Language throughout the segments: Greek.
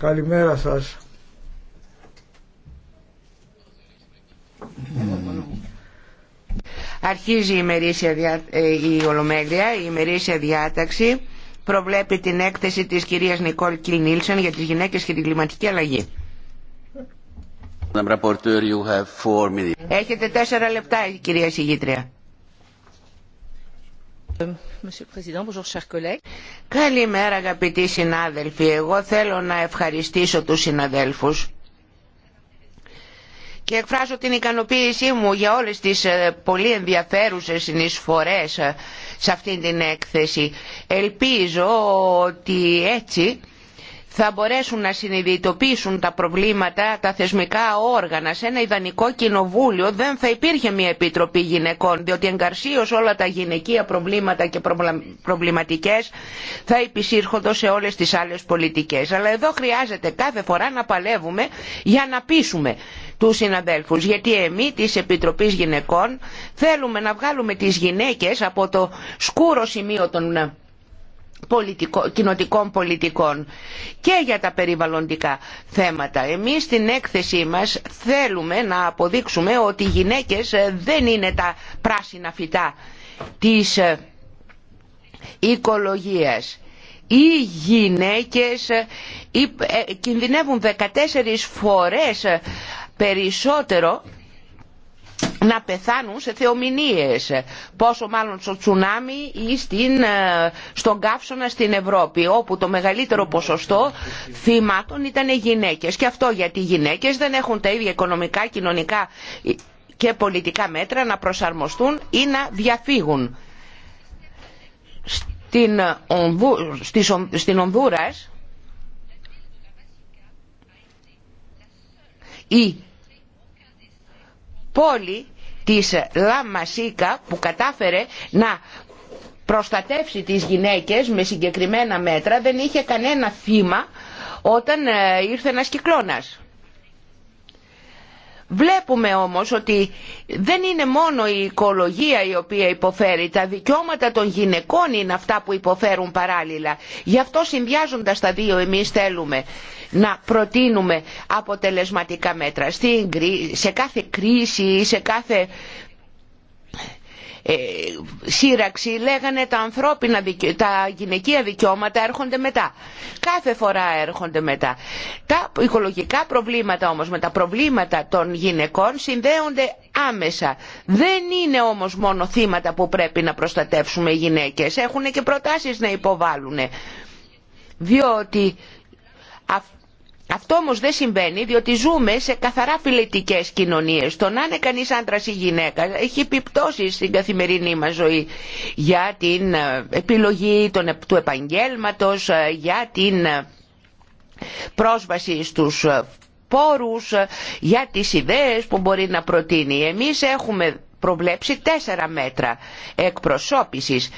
Καλημέρα σας. Αρχίζει η, ε, η Ολομέλεια, η ημερήσια διάταξη προβλέπει την έκθεση της κυρίας Νικόλ Κιλ Νίλσον για τις γυναίκες και την κλιματική αλλαγή. Έχετε τέσσερα λεπτά, κυρία Συγήτρια. Καλημέρα αγαπητοί συνάδελφοι. Εγώ θέλω να ευχαριστήσω τους συναδέλφους και εκφράζω την ικανοποίησή μου για όλες τις ε, πολύ ενδιαφέρουσες συνεισφορές ε, σε αυτήν την έκθεση. Ελπίζω ότι έτσι θα μπορέσουν να συνειδητοποιήσουν τα προβλήματα τα θεσμικά όργανα. Σε ένα ιδανικό κοινοβούλιο δεν θα υπήρχε μια επιτροπή γυναικών, διότι εγκαρσίως όλα τα γυναικεία προβλήματα και προβληματικές θα επισύρχονται σε όλες τις άλλες πολιτικές. Αλλά εδώ χρειάζεται κάθε φορά να παλεύουμε για να πείσουμε τους συναδέλφους, γιατί εμείς της Επιτροπής Γυναικών θέλουμε να βγάλουμε τις γυναίκες από το σκούρο σημείο των πολιτικό, κοινοτικών πολιτικών και για τα περιβαλλοντικά θέματα. Εμείς στην έκθεσή μας θέλουμε να αποδείξουμε ότι οι γυναίκες ε, δεν είναι τα πράσινα φυτά της ε, οικολογίας. Οι γυναίκες ε, κινδυνεύουν 14 φορές περισσότερο να πεθάνουν σε θεομηνίες, πόσο μάλλον στο τσουνάμι ή στην, ε, στον καύσωνα στην Ευρώπη, όπου το μεγαλύτερο ποσοστό θυμάτων ήταν οι γυναίκες. Και αυτό γιατί οι γυναίκες δεν έχουν τα ίδια οικονομικά, κοινωνικά και πολιτικά μέτρα να προσαρμοστούν ή να διαφύγουν. Στην, Ονδου, στην Ονδούρας η πόλη της Λαμασίκα που κατάφερε να προστατεύσει τις γυναίκες με συγκεκριμένα μέτρα δεν είχε κανένα θύμα όταν ε, ήρθε ένας κυκλώνας. Βλέπουμε όμως ότι δεν είναι μόνο η οικολογία η οποία υποφέρει, τα δικαιώματα των γυναικών είναι αυτά που υποφέρουν παράλληλα. Γι' αυτό συνδυάζοντας τα δύο εμείς θέλουμε να προτείνουμε αποτελεσματικά μέτρα σε κάθε κρίση ή σε κάθε ε, σύραξη λέγανε τα, ανθρώπινα, τα γυναικεία δικαιώματα έρχονται μετά. Κάθε φορά έρχονται μετά. Τα οικολογικά προβλήματα όμως με τα προβλήματα των γυναικών συνδέονται άμεσα. Δεν είναι όμως μόνο θύματα που πρέπει να προστατεύσουμε οι γυναίκες. Έχουν και προτάσεις να υποβάλουν. Διότι αυτό όμως δεν συμβαίνει διότι ζούμε σε καθαρά φιλετικές κοινωνίες. Το να είναι κανείς άντρας ή γυναίκα έχει επιπτώσει στην καθημερινή μας ζωή για την ε, επιλογή ε, του επαγγέλματος, ε, για την πρόσβαση στους πόρους, για τις ιδέες που μπορεί να προτείνει. Εμείς έχουμε προβλέψει τέσσερα μέτρα εκπροσώπησης.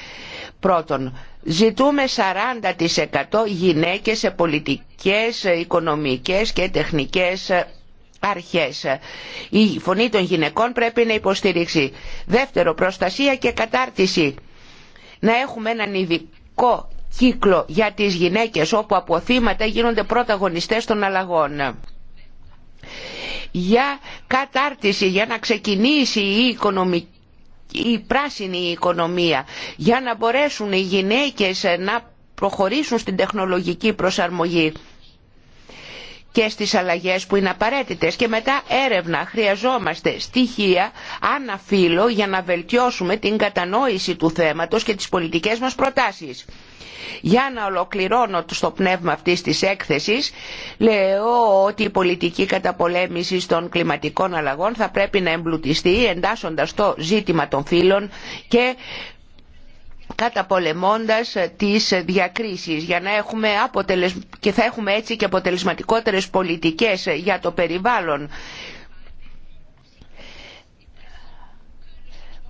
Πρώτον, Ζητούμε 40% γυναίκες σε πολιτικές, οικονομικές και τεχνικές αρχές. Η φωνή των γυναικών πρέπει να υποστηρίξει. Δεύτερο, προστασία και κατάρτιση. Να έχουμε έναν ειδικό κύκλο για τις γυναίκες όπου από θύματα γίνονται πρωταγωνιστές των αλλαγών. Για κατάρτιση, για να ξεκινήσει η οικονομική η πράσινη οικονομία για να μπορέσουν οι γυναίκες να προχωρήσουν στην τεχνολογική προσαρμογή και στις αλλαγές που είναι απαραίτητες και μετά έρευνα χρειαζόμαστε στοιχεία αναφύλλω για να βελτιώσουμε την κατανόηση του θέματος και τις πολιτικές μας προτάσεις. Για να ολοκληρώνω στο πνεύμα αυτής της έκθεσης, λέω ότι η πολιτική καταπολέμηση των κλιματικών αλλαγών θα πρέπει να εμπλουτιστεί εντάσσοντας το ζήτημα των φύλων και καταπολεμώντας τις διακρίσεις για να έχουμε και θα έχουμε έτσι και αποτελεσματικότερες πολιτικές για το περιβάλλον.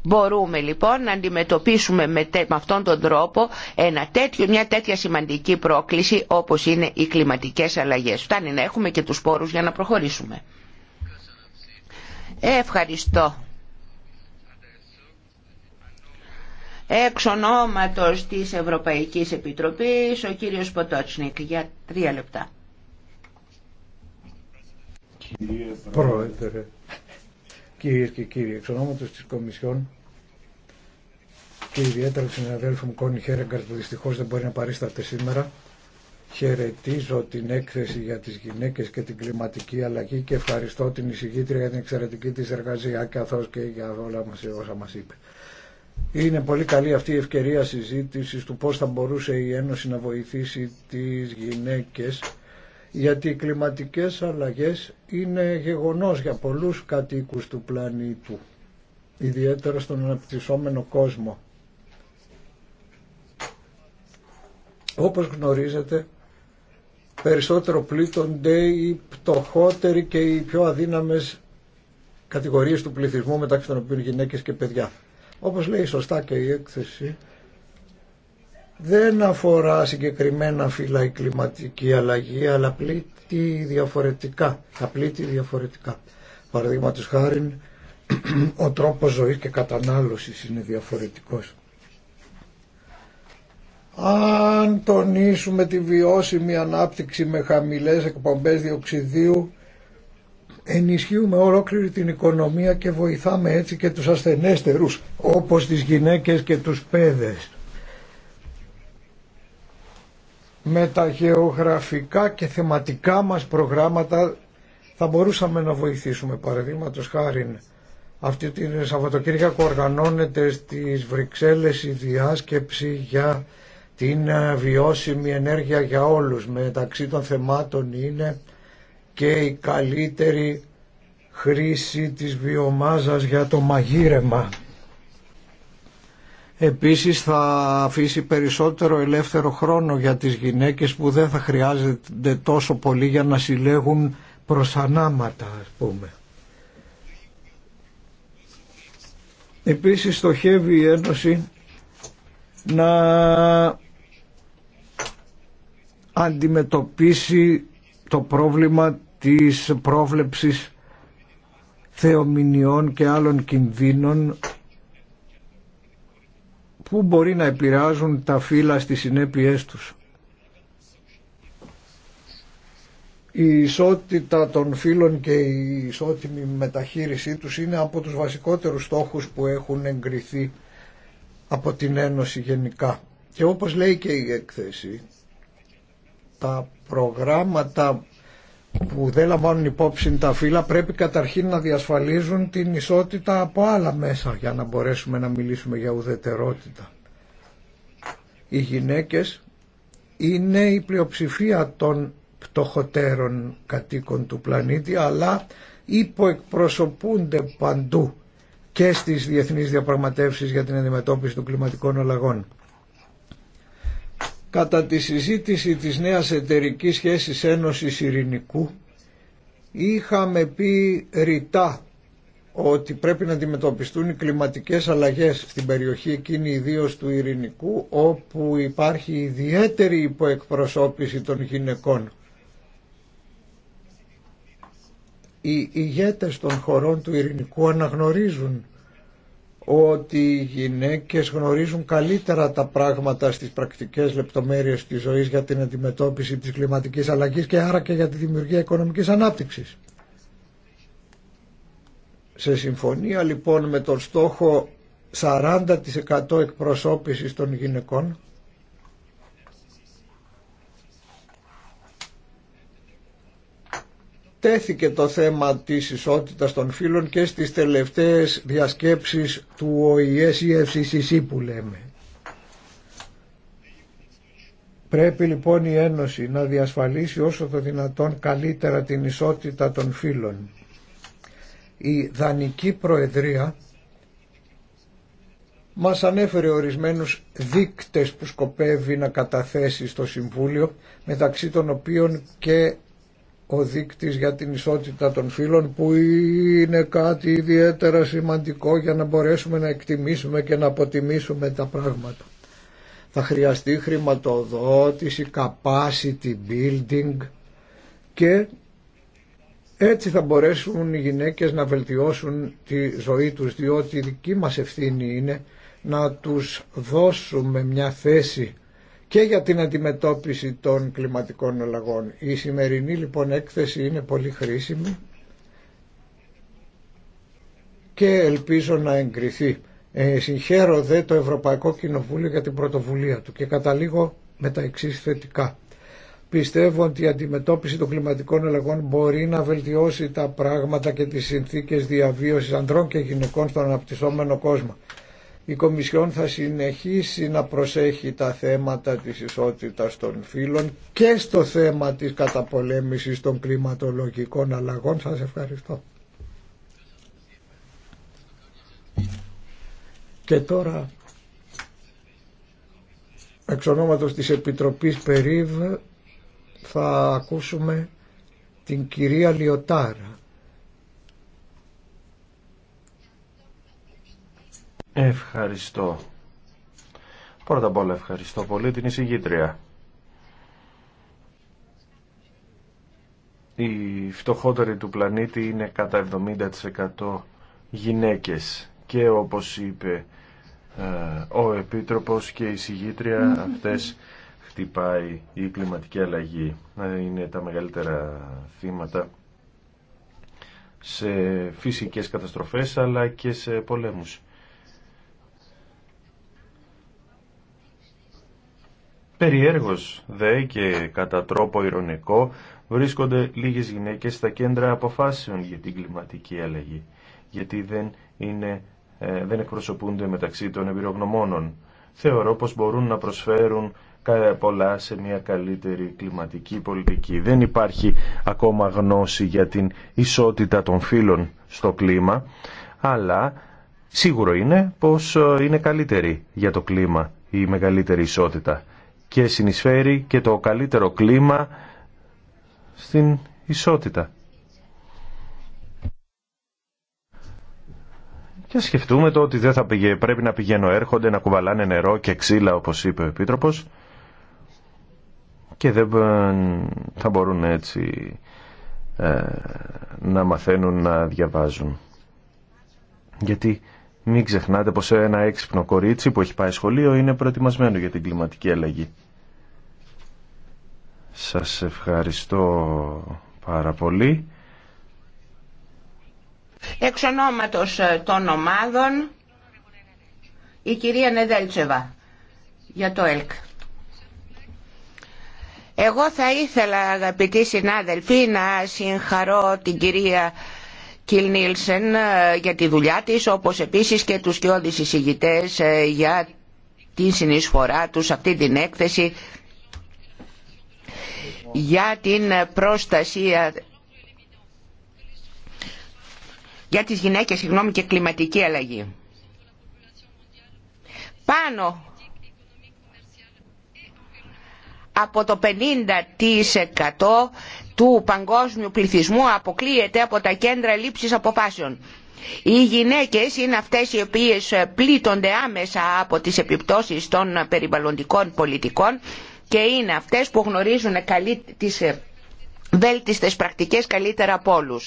Μπορούμε λοιπόν να αντιμετωπίσουμε με, αυτόν τον τρόπο ένα μια τέτοια σημαντική πρόκληση όπως είναι οι κλιματικές αλλαγές. Φτάνει να έχουμε και τους πόρους για να προχωρήσουμε. Ευχαριστώ Εξ ονόματος της Ευρωπαϊκής Επιτροπής, ο κύριος Ποτότσνικ, για τρία λεπτά. Πρόεδρε, κυρίες και κύριοι, εξ ονόματος της Κομισιόν και ιδιαίτερα του συναδέλφου μου Κόνι Χέρεγκαρτ που δυστυχώς δεν μπορεί να παρίσταται σήμερα, χαιρετίζω την έκθεση για τις γυναίκες και την κλιματική αλλαγή και ευχαριστώ την εισηγήτρια για την εξαιρετική της εργασία καθώς και για όλα μας όσα μας είπε. Είναι πολύ καλή αυτή η ευκαιρία συζήτησης του πώς θα μπορούσε η Ένωση να βοηθήσει τις γυναίκες γιατί οι κλιματικές αλλαγές είναι γεγονός για πολλούς κατοίκους του πλανήτου, ιδιαίτερα στον αναπτυσσόμενο κόσμο. Όπως γνωρίζετε, περισσότερο πλήττονται οι πτωχότεροι και οι πιο αδύναμες κατηγορίες του πληθυσμού μεταξύ των οποίων γυναίκες και παιδιά όπως λέει σωστά και η έκθεση, δεν αφορά συγκεκριμένα φύλλα η κλιματική αλλαγή, αλλά πλήττει διαφορετικά. Θα πλήττει διαφορετικά. Παραδείγματο χάρη, ο τρόπος ζωής και κατανάλωσης είναι διαφορετικός. Αν τονίσουμε τη βιώσιμη ανάπτυξη με χαμηλές εκπομπές διοξιδίου, ενισχύουμε ολόκληρη την οικονομία και βοηθάμε έτσι και τους ασθενέστερους όπως τις γυναίκες και τους παιδες με τα γεωγραφικά και θεματικά μας προγράμματα θα μπορούσαμε να βοηθήσουμε παραδείγματο χάρη αυτή τη Σαββατοκύριακο οργανώνεται στις Βρυξέλλες η διάσκεψη για την ε, βιώσιμη ενέργεια για όλους μεταξύ των θεμάτων είναι και η καλύτερη χρήση της βιομάζας για το μαγείρεμα. Επίσης θα αφήσει περισσότερο ελεύθερο χρόνο για τις γυναίκες που δεν θα χρειάζεται τόσο πολύ για να συλλέγουν προσανάματα ας πούμε. Επίσης στοχεύει η Ένωση να αντιμετωπίσει το πρόβλημα της πρόβλεψης θεομηνιών και άλλων κινδύνων που μπορεί να επηρεάζουν τα φύλλα στις συνέπειές τους. Η ισότητα των φύλων και η ισότιμη μεταχείρισή τους είναι από τους βασικότερους στόχους που έχουν εγκριθεί από την Ένωση γενικά. Και όπως λέει και η έκθεση, τα προγράμματα που δεν λαμβάνουν υπόψη τα φύλλα πρέπει καταρχήν να διασφαλίζουν την ισότητα από άλλα μέσα για να μπορέσουμε να μιλήσουμε για ουδετερότητα. Οι γυναίκες είναι η πλειοψηφία των πτωχοτέρων κατοίκων του πλανήτη αλλά υποεκπροσωπούνται παντού και στις διεθνείς διαπραγματεύσεις για την αντιμετώπιση των κλιματικών αλλαγών. Κατά τη συζήτηση της νέας εταιρική σχέσης Ένωσης Ειρηνικού είχαμε πει ρητά ότι πρέπει να αντιμετωπιστούν οι κλιματικές αλλαγές στην περιοχή εκείνη ιδίως του Ειρηνικού όπου υπάρχει ιδιαίτερη υποεκπροσώπηση των γυναικών. Οι ηγέτες των χωρών του Ειρηνικού αναγνωρίζουν ότι οι γυναίκες γνωρίζουν καλύτερα τα πράγματα στις πρακτικές λεπτομέρειες της ζωής για την αντιμετώπιση της κλιματικής αλλαγής και άρα και για τη δημιουργία οικονομικής ανάπτυξης. Σε συμφωνία λοιπόν με τον στόχο 40% εκπροσώπησης των γυναικών τέθηκε το θέμα της ισότητας των φύλων και στις τελευταίες διασκέψεις του οηές ή FCCC που λέμε. Πρέπει λοιπόν η Ένωση να διασφαλίσει όσο το δυνατόν καλύτερα την ισότητα των φύλων. Η Δανική Προεδρία μας ανέφερε ορισμένους δείκτες που σκοπεύει να καταθέσει στο Συμβούλιο μεταξύ των οποίων και ο δείκτης για την ισότητα των φύλων που είναι κάτι ιδιαίτερα σημαντικό για να μπορέσουμε να εκτιμήσουμε και να αποτιμήσουμε τα πράγματα. Θα χρειαστεί χρηματοδότηση, capacity building και έτσι θα μπορέσουν οι γυναίκες να βελτιώσουν τη ζωή τους διότι η δική μας ευθύνη είναι να τους δώσουμε μια θέση και για την αντιμετώπιση των κλιματικών αλλαγών. Η σημερινή λοιπόν έκθεση είναι πολύ χρήσιμη και ελπίζω να εγκριθεί. Ε, συγχαίρω δε το Ευρωπαϊκό Κοινοβούλιο για την πρωτοβουλία του και καταλήγω με τα εξή θετικά. Πιστεύω ότι η αντιμετώπιση των κλιματικών αλλαγών μπορεί να βελτιώσει τα πράγματα και τις συνθήκες διαβίωσης ανδρών και γυναικών στον αναπτυσσόμενο κόσμο. Η Κομισιόν θα συνεχίσει να προσέχει τα θέματα της ισότητας των φύλων και στο θέμα της καταπολέμησης των κλιματολογικών αλλαγών. Σας ευχαριστώ. Και τώρα, εξ ονόματος της Επιτροπής Περίβ, θα ακούσουμε την κυρία Λιωτάρα. Ευχαριστώ. Πρώτα απ' όλα ευχαριστώ πολύ την εισηγήτρια. Οι φτωχότεροι του πλανήτη είναι κατά 70% γυναίκες και όπως είπε ε, ο Επίτροπος και η εισηγήτρια αυτές χτυπάει η κλιματική αλλαγή. Ε, είναι τα μεγαλύτερα θύματα σε φυσικές καταστροφές αλλά και σε πολέμους. Περιέργως δε και κατά τρόπο ηρωνικό βρίσκονται λίγες γυναίκες στα κέντρα αποφάσεων για την κλιματική αλλαγή, γιατί δεν, είναι, ε, δεν εκπροσωπούνται μεταξύ των εμπειρογνωμόνων. Θεωρώ πως μπορούν να προσφέρουν πολλά σε μια καλύτερη κλιματική πολιτική. Δεν υπάρχει ακόμα γνώση για την ισότητα των φύλων στο κλίμα, αλλά σίγουρο είναι πως ε, είναι καλύτερη για το κλίμα η μεγαλύτερη ισότητα και συνεισφέρει και το καλύτερο κλίμα στην ισότητα. Και σκεφτούμε το ότι δεν θα πηγε, πρέπει να πηγαίνω έρχονται να κουβαλάνε νερό και ξύλα όπως είπε ο Επίτροπος και δεν θα μπορούν έτσι ε, να μαθαίνουν να διαβάζουν. Γιατί μην ξεχνάτε πως ένα έξυπνο κορίτσι που έχει πάει σχολείο είναι προετοιμασμένο για την κλιματική αλλαγή. Σας ευχαριστώ πάρα πολύ. Εξ ονόματος ε, των ομάδων, η κυρία Νεδέλτσεβα για το ΕΛΚ. Εγώ θα ήθελα αγαπητοί συνάδελφοι να συγχαρώ την κυρία Κιλ Νίλσεν ε, για τη δουλειά της όπως επίσης και τους κοιόδης εισηγητές ε, για την συνεισφορά τους σε αυτή την έκθεση για την προστασία ε, για τις γυναίκες συγγνώμη, και κλιματική αλλαγή. Πάνω από το 50% του παγκόσμιου πληθυσμού αποκλείεται από τα κέντρα λήψης αποφάσεων. Οι γυναίκες είναι αυτές οι οποίες πλήττονται άμεσα από τις επιπτώσεις των περιβαλλοντικών πολιτικών και είναι αυτές που γνωρίζουν καλή, τις ε, βέλτιστες πρακτικές καλύτερα από όλου.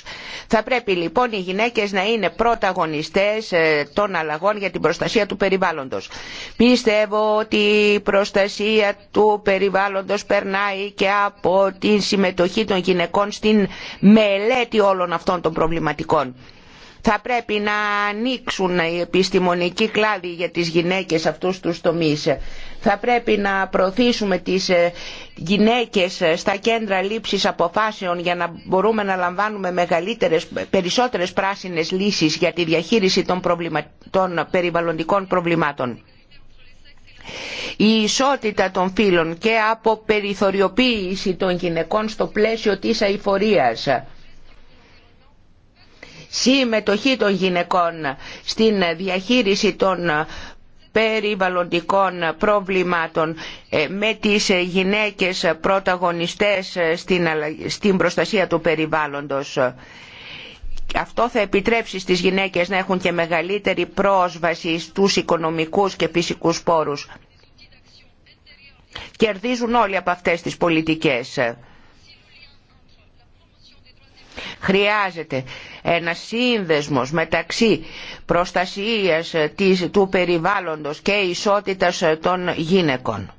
Θα πρέπει λοιπόν οι γυναίκες να είναι πρωταγωνιστές ε, των αλλαγών για την προστασία του περιβάλλοντος. Πιστεύω ότι η προστασία του περιβάλλοντος περνάει και από τη συμμετοχή των γυναικών στην μελέτη όλων αυτών των προβληματικών. Θα πρέπει να ανοίξουν οι επιστημονικοί κλάδοι για τις γυναίκες αυτούς τους τομείς θα πρέπει να προωθήσουμε τις ε, γυναίκες ε, στα κέντρα λήψης αποφάσεων για να μπορούμε να λαμβάνουμε μεγαλύτερες, περισσότερες πράσινες λύσεις για τη διαχείριση των, περιβαλλοντικών προβλημάτων. Η ισότητα των φύλων και από περιθωριοποίηση των γυναικών στο πλαίσιο της αηφορίας συμμετοχή των γυναικών στην διαχείριση των περιβαλλοντικών προβλημάτων ε, με τις γυναίκες πρωταγωνιστές στην προστασία του περιβάλλοντος. Αυτό θα επιτρέψει στις γυναίκες να έχουν και μεγαλύτερη πρόσβαση στους οικονομικούς και φυσικούς πόρους. Κερδίζουν όλοι από αυτές τις πολιτικές Χρειάζεται ένα σύνδεσμος μεταξύ προστασίας της, του περιβάλλοντος και ισότητας των γυναικών.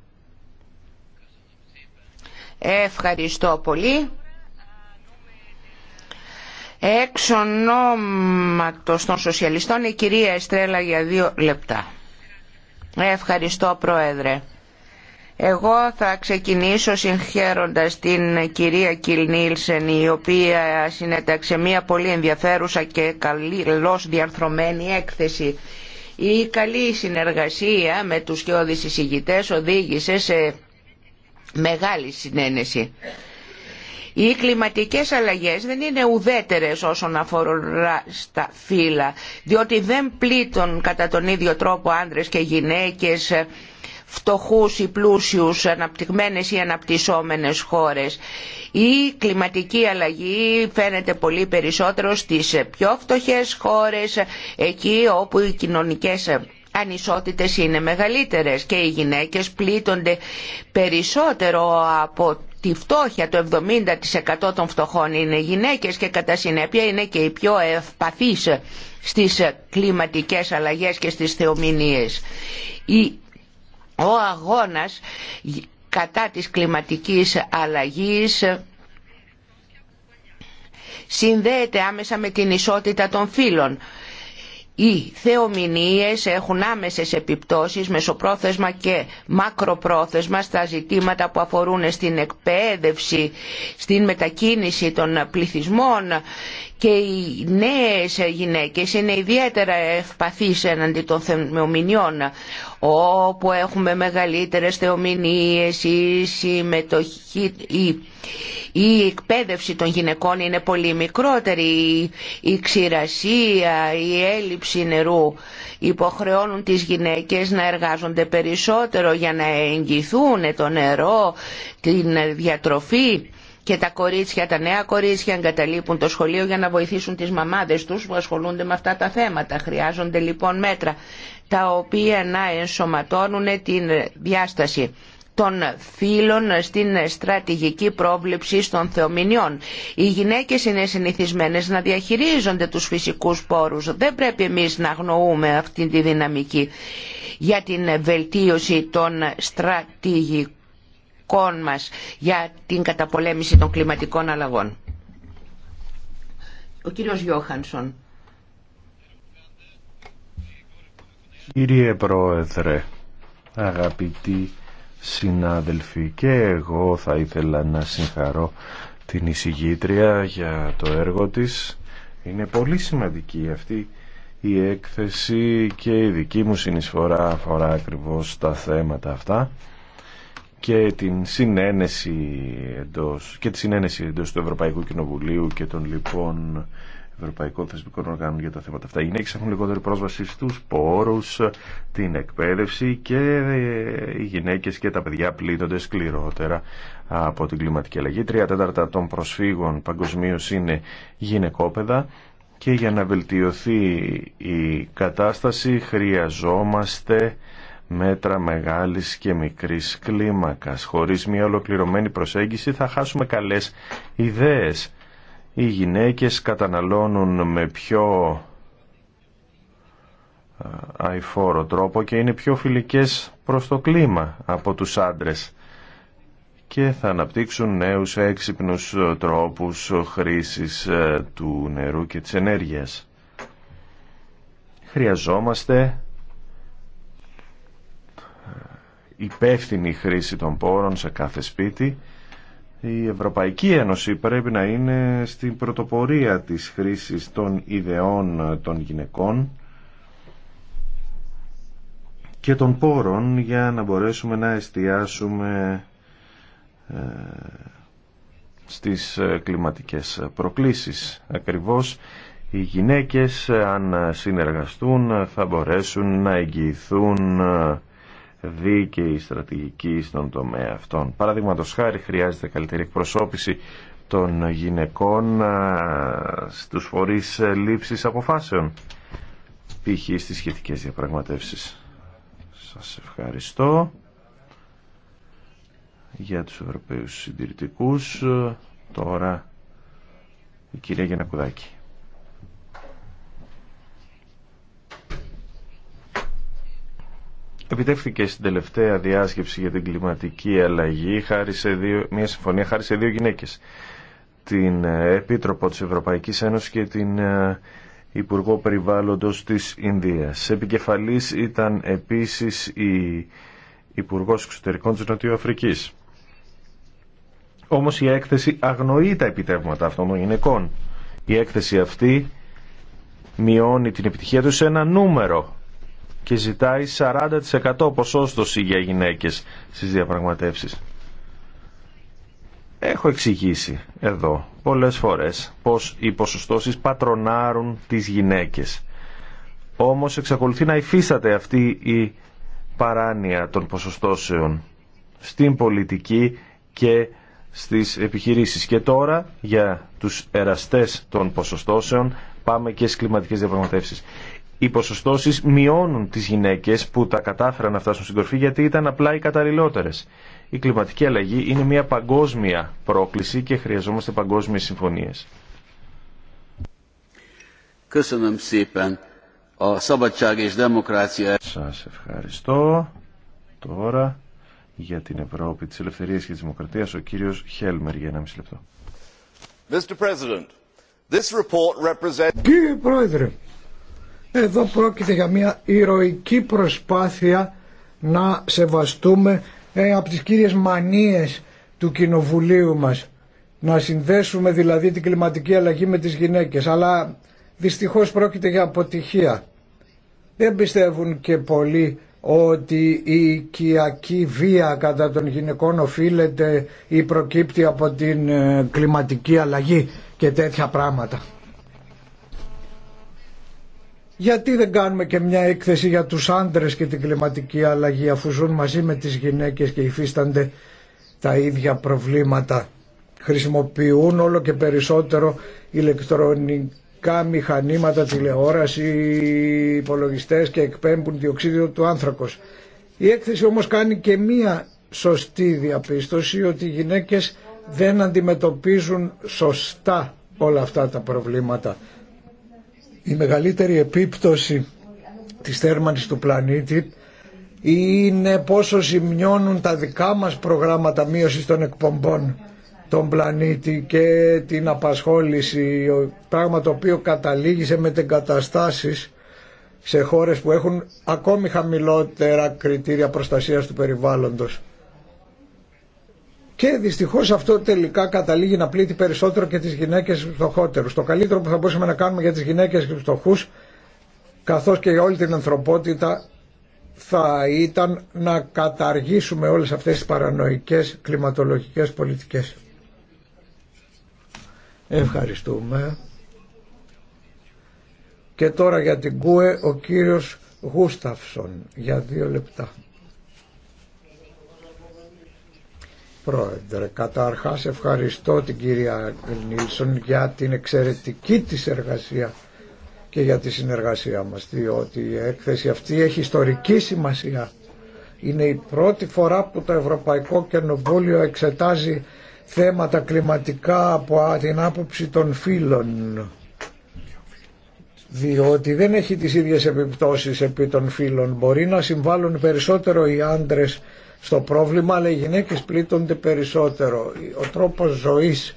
Ευχαριστώ πολύ. Εξ ονόματος των σοσιαλιστών η κυρία Εστρέλα για δύο λεπτά. Ευχαριστώ πρόεδρε. Εγώ θα ξεκινήσω συγχαίροντας την κυρία Κιλ Νίλσεν η οποία συνέταξε μια πολύ ενδιαφέρουσα και καλώς διαρθρωμένη έκθεση. Η καλή συνεργασία με τους σκιώδης εισηγητές οδήγησε σε μεγάλη συνένεση. Οι κλιματικές αλλαγές δεν είναι ουδέτερες όσον αφορά στα φύλλα, διότι δεν πλήττουν κατά τον ίδιο τρόπο άντρες και γυναίκες φτωχούς ή πλούσιους, αναπτυγμένες ή αναπτυσσόμενες χώρες. Η κλιματική αλλαγή φαίνεται πολύ περισσότερο στις πιο φτωχές χώρες, εκεί όπου οι κοινωνικές ανισότητες είναι μεγαλύτερες και οι γυναίκες πλήττονται περισσότερο από τη φτώχεια. Το 70% των φτωχών είναι γυναίκες και κατά συνέπεια είναι και οι πιο ευπαθείς στις κλιματικές αλλαγές και στις θεομηνίες ο αγώνας κατά της κλιματικής αλλαγής συνδέεται άμεσα με την ισότητα των φύλων. Οι θεομηνίες έχουν άμεσες επιπτώσεις μεσοπρόθεσμα και μακροπρόθεσμα στα ζητήματα που αφορούν στην εκπαίδευση, στην μετακίνηση των πληθυσμών και οι νέες γυναίκες είναι ιδιαίτερα ευπαθείς εναντί των θεομηνιών όπου έχουμε μεγαλύτερες θεομηνίες η συμμετοχή η, η εκπαίδευση των γυναικών είναι πολύ μικρότερη η, η ξηρασία, η έλλειψη νερού υποχρεώνουν τις γυναίκες να εργάζονται περισσότερο για να εγγυθούν το νερό, την διατροφή και τα κορίτσια, τα νέα κορίτσια εγκαταλείπουν το σχολείο για να βοηθήσουν τις μαμάδες τους που ασχολούνται με αυτά τα θέματα. Χρειάζονται λοιπόν μέτρα τα οποία να ενσωματώνουν την διάσταση των φύλων στην στρατηγική πρόβλεψη των θεομηνιών. Οι γυναίκες είναι συνηθισμένες να διαχειρίζονται τους φυσικούς πόρους. Δεν πρέπει εμείς να αγνοούμε αυτή τη δυναμική για την βελτίωση των στρατηγικών για την καταπολέμηση των κλιματικών αλλαγών. Ο κύριος Γιώχανσον. Κύριε Πρόεδρε, αγαπητοί συνάδελφοι και εγώ θα ήθελα να συγχαρώ την εισηγήτρια για το έργο της. Είναι πολύ σημαντική αυτή η έκθεση και η δική μου συνεισφορά αφορά ακριβώς τα θέματα αυτά και την συνένεση εντός, και τη συνένεση εντός του Ευρωπαϊκού Κοινοβουλίου και των λοιπόν Ευρωπαϊκών Θεσμικών Οργάνων για τα θέματα αυτά. Οι γυναίκες έχουν λιγότερη πρόσβαση στους πόρους, την εκπαίδευση και ε, οι γυναίκες και τα παιδιά πλήττονται σκληρότερα από την κλιματική αλλαγή. Τρία τέταρτα των προσφύγων παγκοσμίω είναι γυναικόπαιδα και για να βελτιωθεί η κατάσταση χρειαζόμαστε μέτρα μεγάλης και μικρής κλίμακας. Χωρίς μια ολοκληρωμένη προσέγγιση θα χάσουμε καλές ιδέες. Οι γυναίκες καταναλώνουν με πιο αηφόρο τρόπο και είναι πιο φιλικές προς το κλίμα από τους άντρες και θα αναπτύξουν νέους έξυπνους τρόπους χρήσης ε, του νερού και της ενέργειας. Χρειαζόμαστε υπεύθυνη χρήση των πόρων σε κάθε σπίτι. Η Ευρωπαϊκή Ένωση πρέπει να είναι στην πρωτοπορία της χρήσης των ιδεών των γυναικών και των πόρων για να μπορέσουμε να εστιάσουμε ε, στις ε, κλιματικές προκλήσεις. Ακριβώς οι γυναίκες αν συνεργαστούν θα μπορέσουν να εγγυηθούν ε, δίκαιη στρατηγική στον τομέα αυτών. Παραδείγματο χάρη χρειάζεται καλύτερη εκπροσώπηση των γυναικών στους φορείς ε, λήψης αποφάσεων π.χ. στις σχετικές διαπραγματεύσεις. Σας ευχαριστώ για τους Ευρωπαίους συντηρητικούς. Ε, τώρα η κυρία Γιανακουδάκη. επιτεύχθηκε στην τελευταία διάσκεψη για την κλιματική αλλαγή χάρη σε μια συμφωνία χάρη σε δύο γυναίκες. Την ε, Επίτροπο της Ευρωπαϊκής Ένωσης και την ε, Υπουργό Περιβάλλοντος της Ινδίας. Επικεφαλής ήταν επίσης η Υπουργός Εξωτερικών της Νοτιοαφρικής. Όμως η έκθεση αγνοεί τα επιτεύγματα αυτών των γυναικών. Η έκθεση αυτή μειώνει την επιτυχία του σε ένα νούμερο και ζητάει 40% ποσόστοση για γυναίκες στις διαπραγματεύσεις. Έχω εξηγήσει εδώ πολλές φορές πως οι ποσοστώσεις πατρονάρουν τις γυναίκες. Όμως εξακολουθεί να υφίσταται αυτή η παράνοια των ποσοστώσεων στην πολιτική και στις επιχειρήσεις. Και τώρα για τους εραστές των ποσοστώσεων πάμε και στις κλιματικές διαπραγματεύσεις οι ποσοστώσεις μειώνουν τις γυναίκες που τα κατάφεραν να φτάσουν στην κορφή γιατί ήταν απλά οι καταλληλότερες. Η κλιματική αλλαγή είναι μια παγκόσμια πρόκληση και χρειαζόμαστε παγκόσμιες συμφωνίες. Σας ευχαριστώ. Τώρα για την Ευρώπη, της Ελευθερίας και της Δημοκρατίας, ο κύριος Χέλμερ για ένα μισή λεπτό. Κύριε Πρόεδρε, εδώ πρόκειται για μια ηρωική προσπάθεια να σεβαστούμε ε, από τις κύριες μανίες του κοινοβουλίου μας. Να συνδέσουμε δηλαδή την κλιματική αλλαγή με τις γυναίκες. Αλλά δυστυχώς πρόκειται για αποτυχία. Δεν πιστεύουν και πολλοί ότι η οικιακή βία κατά των γυναικών οφείλεται ή προκύπτει από την ε, κλιματική αλλαγή και τέτοια πράγματα. Γιατί δεν κάνουμε και μια έκθεση για τους άντρες και την κλιματική αλλαγή αφού ζουν μαζί με τις γυναίκες και υφίστανται τα ίδια προβλήματα. Χρησιμοποιούν όλο και περισσότερο ηλεκτρονικά μηχανήματα, τηλεόραση, υπολογιστές και εκπέμπουν διοξίδιο του άνθρακος. Η έκθεση όμως κάνει και μία σωστή διαπίστωση ότι οι γυναίκες δεν αντιμετωπίζουν σωστά όλα αυτά τα προβλήματα η μεγαλύτερη επίπτωση της θέρμανσης του πλανήτη είναι πόσο ζημιώνουν τα δικά μας προγράμματα μείωσης των εκπομπών των πλανήτη και την απασχόληση, πράγμα το οποίο καταλήγει σε μετεγκαταστάσεις σε χώρες που έχουν ακόμη χαμηλότερα κριτήρια προστασίας του περιβάλλοντος. Και δυστυχώς αυτό τελικά καταλήγει να πλήττει περισσότερο και τις γυναίκες και Το καλύτερο που θα μπορούσαμε να κάνουμε για τις γυναίκες και τους φτωχούς, καθώς και για όλη την ανθρωπότητα, θα ήταν να καταργήσουμε όλες αυτές τις παρανοϊκές κλιματολογικές πολιτικές. Ευχαριστούμε. Και τώρα για την ΚΟΕ ο κύριος Γούσταυσον για δύο λεπτά. Πρόεδρε, καταρχάς ευχαριστώ την κυρία Νίλσον για την εξαιρετική της εργασία και για τη συνεργασία μας, διότι η έκθεση αυτή έχει ιστορική σημασία. Είναι η πρώτη φορά που το Ευρωπαϊκό Κοινοβούλιο εξετάζει θέματα κλιματικά από την άποψη των φύλων διότι δεν έχει τις ίδιες επιπτώσεις επί των φύλων. Μπορεί να συμβάλλουν περισσότερο οι άντρες στο πρόβλημα, αλλά οι γυναίκες πλήττονται περισσότερο. Ο τρόπος ζωής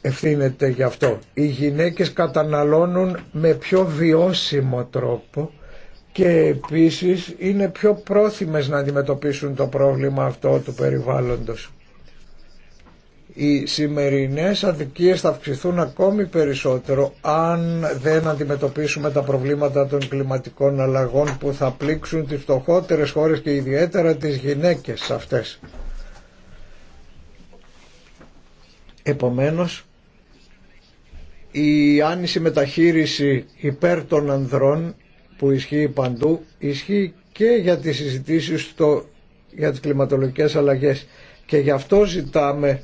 ευθύνεται γι' αυτό. Οι γυναίκες καταναλώνουν με πιο βιώσιμο τρόπο και επίσης είναι πιο πρόθυμες να αντιμετωπίσουν το πρόβλημα αυτό του περιβάλλοντος οι σημερινές αδικίες θα αυξηθούν ακόμη περισσότερο αν δεν αντιμετωπίσουμε τα προβλήματα των κλιματικών αλλαγών που θα πλήξουν τις φτωχότερες χώρες και ιδιαίτερα τις γυναίκες αυτές. Επομένως, η άνηση μεταχείριση υπέρ των ανδρών που ισχύει παντού ισχύει και για τις συζητήσεις στο, για τις κλιματολογικές αλλαγές και γι' αυτό ζητάμε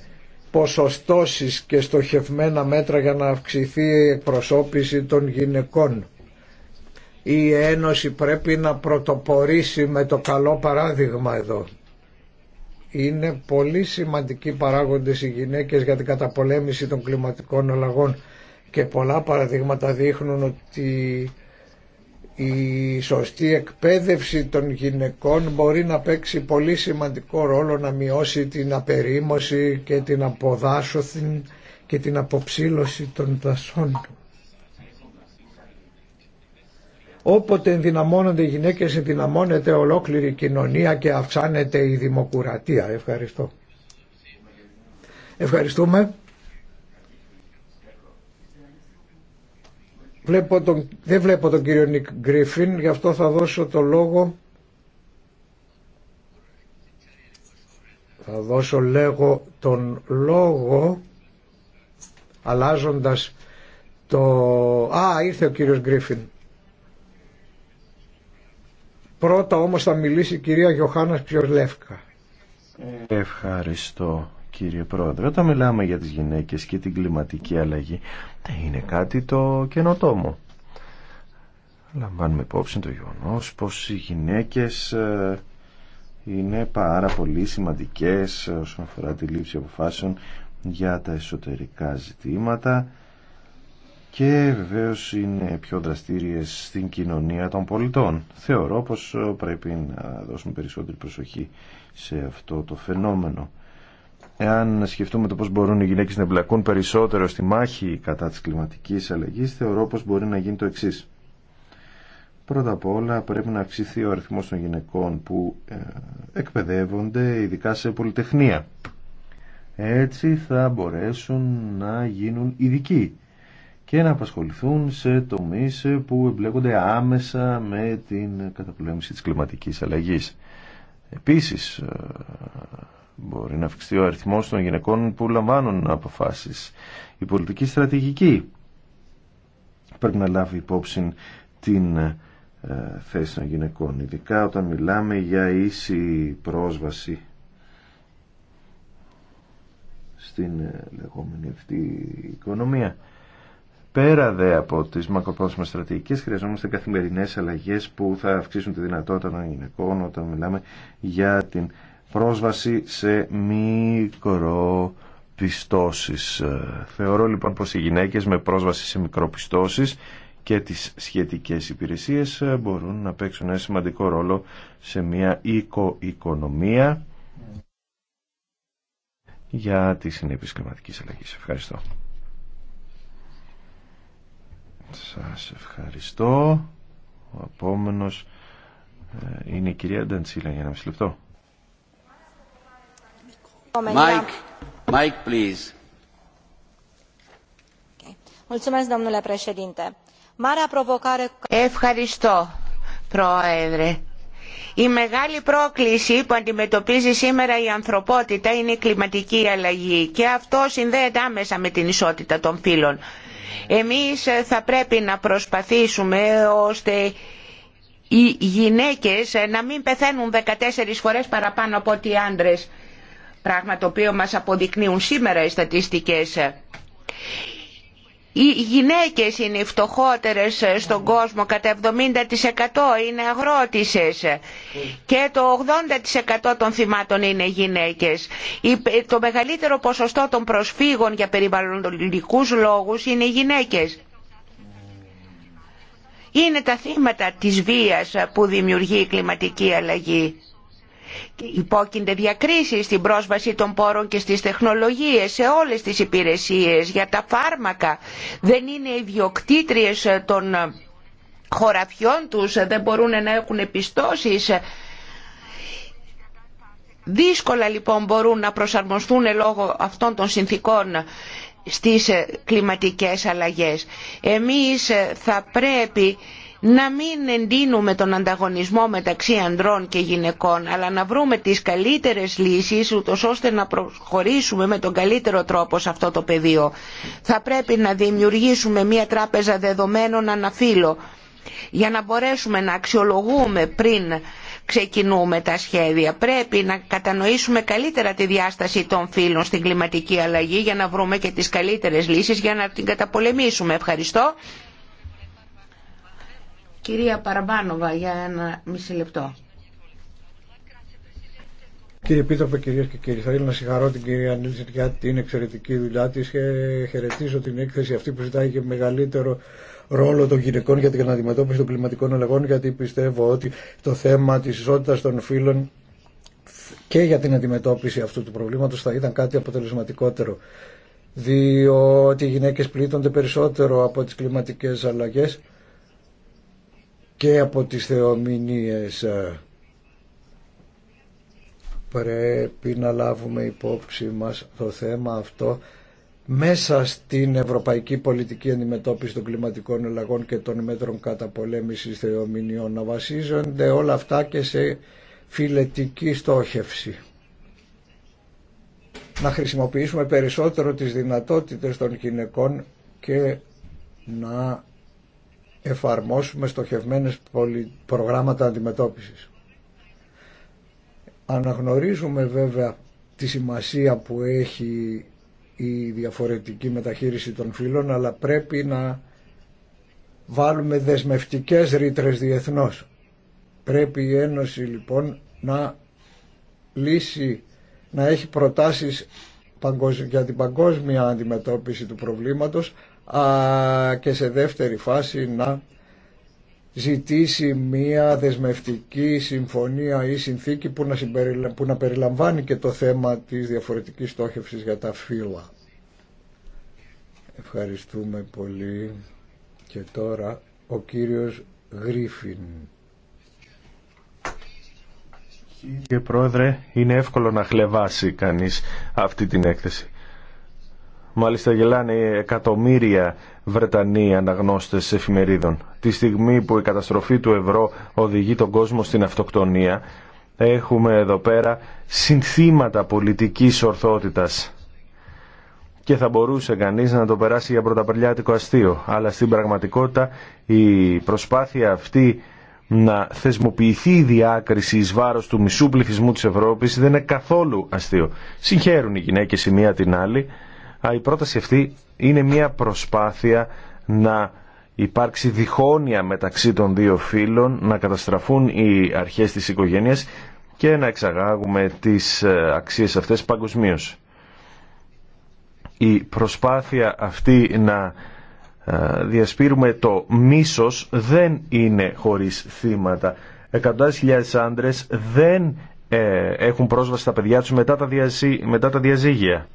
ποσοστώσεις και στοχευμένα μέτρα για να αυξηθεί η εκπροσώπηση των γυναικών. Η Ένωση πρέπει να πρωτοπορήσει με το καλό παράδειγμα εδώ. Είναι πολύ σημαντικοί παράγοντες οι γυναίκες για την καταπολέμηση των κλιματικών αλλαγών και πολλά παραδείγματα δείχνουν ότι η σωστή εκπαίδευση των γυναικών μπορεί να παίξει πολύ σημαντικό ρόλο να μειώσει την απερίμωση και την αποδάσωση και την αποψήλωση των δασών. Όποτε ενδυναμώνονται οι γυναίκες ενδυναμώνεται ολόκληρη κοινωνία και αυξάνεται η δημοκρατία. Ευχαριστώ. Ευχαριστούμε. τον, δεν βλέπω τον κύριο Νίκ Γκρίφιν, γι' αυτό θα δώσω το λόγο. Θα δώσω λέγω τον λόγο, αλλάζοντας το... Α, ήρθε ο κύριος Γκρίφιν. Πρώτα όμως θα μιλήσει η κυρία Γιωχάνας Πιοσλεύκα. Ευχαριστώ κύριε Πρόεδρε. Όταν μιλάμε για τις γυναίκες και την κλιματική αλλαγή, είναι κάτι το καινοτόμο. Λαμβάνουμε υπόψη το γεγονός πως οι γυναίκες ε, είναι πάρα πολύ σημαντικές όσον αφορά τη λήψη αποφάσεων για τα εσωτερικά ζητήματα και βεβαίως είναι πιο δραστήριες στην κοινωνία των πολιτών. Θεωρώ πως πρέπει να δώσουμε περισσότερη προσοχή σε αυτό το φαινόμενο. Εάν σκεφτούμε το πώς μπορούν οι γυναίκες να εμπλακούν περισσότερο στη μάχη κατά της κλιματικής αλλαγής, θεωρώ πως μπορεί να γίνει το εξής. Πρώτα απ' όλα πρέπει να αυξηθεί ο αριθμός εξή. που ε, εκπαιδεύονται ειδικά σε πολυτεχνία. Έτσι θα μπορέσουν να γίνουν ειδικοί και να απασχοληθούν σε τομείς που εμπλέκονται άμεσα με την καταπολέμηση της κλιματικής αλλαγής. Επίσης, ε, Μπορεί να αυξηθεί ο αριθμός των γυναικών που λαμβάνουν αποφάσεις. Η πολιτική στρατηγική πρέπει να λάβει υπόψη την ε, θέση των γυναικών, ειδικά όταν μιλάμε για ίση πρόσβαση στην ε, λεγόμενη αυτή οικονομία. Πέρα δε από τις μακροπρόθεσμες στρατηγικές χρειαζόμαστε καθημερινές αλλαγές που θα αυξήσουν τη δυνατότητα των γυναικών όταν μιλάμε για την πρόσβαση σε μικροπιστώσεις. Ε, θεωρώ λοιπόν πως οι γυναίκες με πρόσβαση σε μικροπιστώσεις και τις σχετικές υπηρεσίες ε, μπορούν να παίξουν ένα σημαντικό ρόλο σε μια οικοοικονομία για τις συνέπειες κλιματικής αλλαγής. Ευχαριστώ. Σας ευχαριστώ. Ο επόμενος ε, είναι η κυρία Νταντσίλα για να μισή λεπτό. Ευχαριστώ, Πρόεδρε. Η μεγάλη πρόκληση που αντιμετωπίζει σήμερα η ανθρωπότητα είναι η κλιματική αλλαγή και αυτό συνδέεται άμεσα με την ισότητα των φύλων. Εμείς θα πρέπει να προσπαθήσουμε ώστε οι γυναίκες να μην πεθαίνουν 14 φορές παραπάνω από ότι οι άντρες πράγμα το οποίο μας αποδεικνύουν σήμερα οι στατιστικές. Οι γυναίκες είναι οι φτωχότερες στον κόσμο, κατά 70% είναι αγρότησες και το 80% των θυμάτων είναι γυναίκες. Το μεγαλύτερο ποσοστό των προσφύγων για περιβαλλοντικούς λόγους είναι οι γυναίκες. Είναι τα θύματα της βίας που δημιουργεί η κλιματική αλλαγή υπόκεινται διακρίσεις στην πρόσβαση των πόρων και στις τεχνολογίες, σε όλες τις υπηρεσίες, για τα φάρμακα. Δεν είναι ιδιοκτήτριες των χωραφιών τους, δεν μπορούν να έχουν επιστώσεις. Δύσκολα λοιπόν μπορούν να προσαρμοστούν λόγω αυτών των συνθήκων στις κλιματικές αλλαγές. Εμείς θα πρέπει να μην εντείνουμε τον ανταγωνισμό μεταξύ ανδρών και γυναικών αλλά να βρούμε τις καλύτερες λύσεις ούτως ώστε να προχωρήσουμε με τον καλύτερο τρόπο σε αυτό το πεδίο. Θα πρέπει να δημιουργήσουμε μια τράπεζα δεδομένων αναφύλω για να μπορέσουμε να αξιολογούμε πριν ξεκινούμε τα σχέδια. Πρέπει να κατανοήσουμε καλύτερα τη διάσταση των φύλων στην κλιματική αλλαγή για να βρούμε και τις καλύτερες λύσεις για να την καταπολεμήσουμε. Ευχαριστώ. Κυρία Παραμπάνοβα για ένα μισή λεπτό. Κύριε Επίτροπε, κυρίε και κύριοι, θα ήθελα να συγχαρώ την κυρία Νίλσεν για την εξαιρετική δουλειά τη και χαιρετίζω την έκθεση αυτή που ζητάει και μεγαλύτερο ρόλο των γυναικών για την αντιμετώπιση των κλιματικών αλλαγών, γιατί πιστεύω ότι το θέμα τη ισότητα των φύλων και για την αντιμετώπιση αυτού του προβλήματος θα ήταν κάτι αποτελεσματικότερο διότι οι γυναίκες πλήττονται περισσότερο από τις κλιματικές αλλαγές και από τις θεομηνίες ε, πρέπει να λάβουμε υπόψη μας το θέμα αυτό μέσα στην ευρωπαϊκή πολιτική αντιμετώπιση των κλιματικών ελλαγών και των μέτρων καταπολέμησης θεομηνιών να βασίζονται όλα αυτά και σε φιλετική στόχευση. Να χρησιμοποιήσουμε περισσότερο τις δυνατότητες των γυναικών και να εφαρμόσουμε στοχευμένες προγράμματα αντιμετώπισης. Αναγνωρίζουμε βέβαια τη σημασία που έχει η διαφορετική μεταχείριση των φύλων, αλλά πρέπει να βάλουμε δεσμευτικές ρήτρε διεθνώς. Πρέπει η Ένωση λοιπόν να λύσει, να έχει προτάσεις για την παγκόσμια αντιμετώπιση του προβλήματος, α και σε δεύτερη φάση να ζητήσει μία δεσμευτική συμφωνία ή συνθήκη που να, συμπεριλα... που να περιλαμβάνει και το θέμα της διαφορετικής στόχευσης για τα φύλλα. Ευχαριστούμε πολύ. Και τώρα ο κύριος Γρίφιν. Κύριε Πρόεδρε, είναι εύκολο να χλεβάσει κανείς αυτή την έκθεση. Μάλιστα γελάνε εκατομμύρια Βρετανοί αναγνώστες εφημερίδων. Τη στιγμή που η καταστροφή του ευρώ οδηγεί τον κόσμο στην αυτοκτονία, έχουμε εδώ πέρα συνθήματα πολιτικής ορθότητας και θα μπορούσε κανείς να το περάσει για πρωταπερλιάτικο αστείο. Αλλά στην πραγματικότητα η προσπάθεια αυτή να θεσμοποιηθεί η διάκριση εις βάρος του μισού πληθυσμού της Ευρώπης δεν είναι καθόλου αστείο. Συγχαίρουν οι γυναίκες η μία την άλλη η πρόταση αυτή είναι μια προσπάθεια να υπάρξει διχόνοια μεταξύ των δύο φίλων να καταστραφούν οι αρχές της οικογένειας και να εξαγάγουμε τις ε, αξίες αυτές παγκοσμίω. Η προσπάθεια αυτή να ε, διασπείρουμε το μίσος δεν είναι χωρίς θύματα. Εκατοντάδες χιλιάδες άντρες δεν ε, έχουν πρόσβαση στα παιδιά τους μετά τα, διαζύ... μετά τα διαζύγια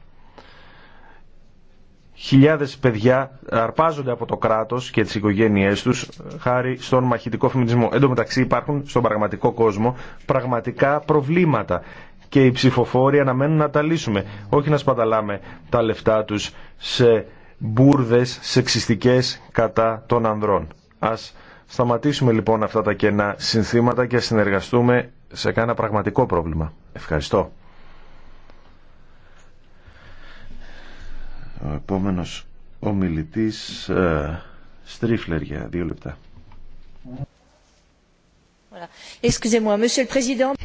χιλιάδες παιδιά αρπάζονται από το κράτος και τις οικογένειές τους ε, χάρη στον μαχητικό φεμινισμό. Εν τω μεταξύ υπάρχουν στον πραγματικό κόσμο πραγματικά προβλήματα και οι ψηφοφόροι αναμένουν να τα λύσουμε. Όχι να σπαταλάμε τα λεφτά τους σε μπουρδες σεξιστικές κατά των ανδρών. Ας σταματήσουμε λοιπόν αυτά τα κενά συνθήματα και συνεργαστούμε σε κάνα πραγματικό πρόβλημα. Ευχαριστώ. Ο επόμενος ομιλητής ε, Στρίφλερ για δύο λεπτά.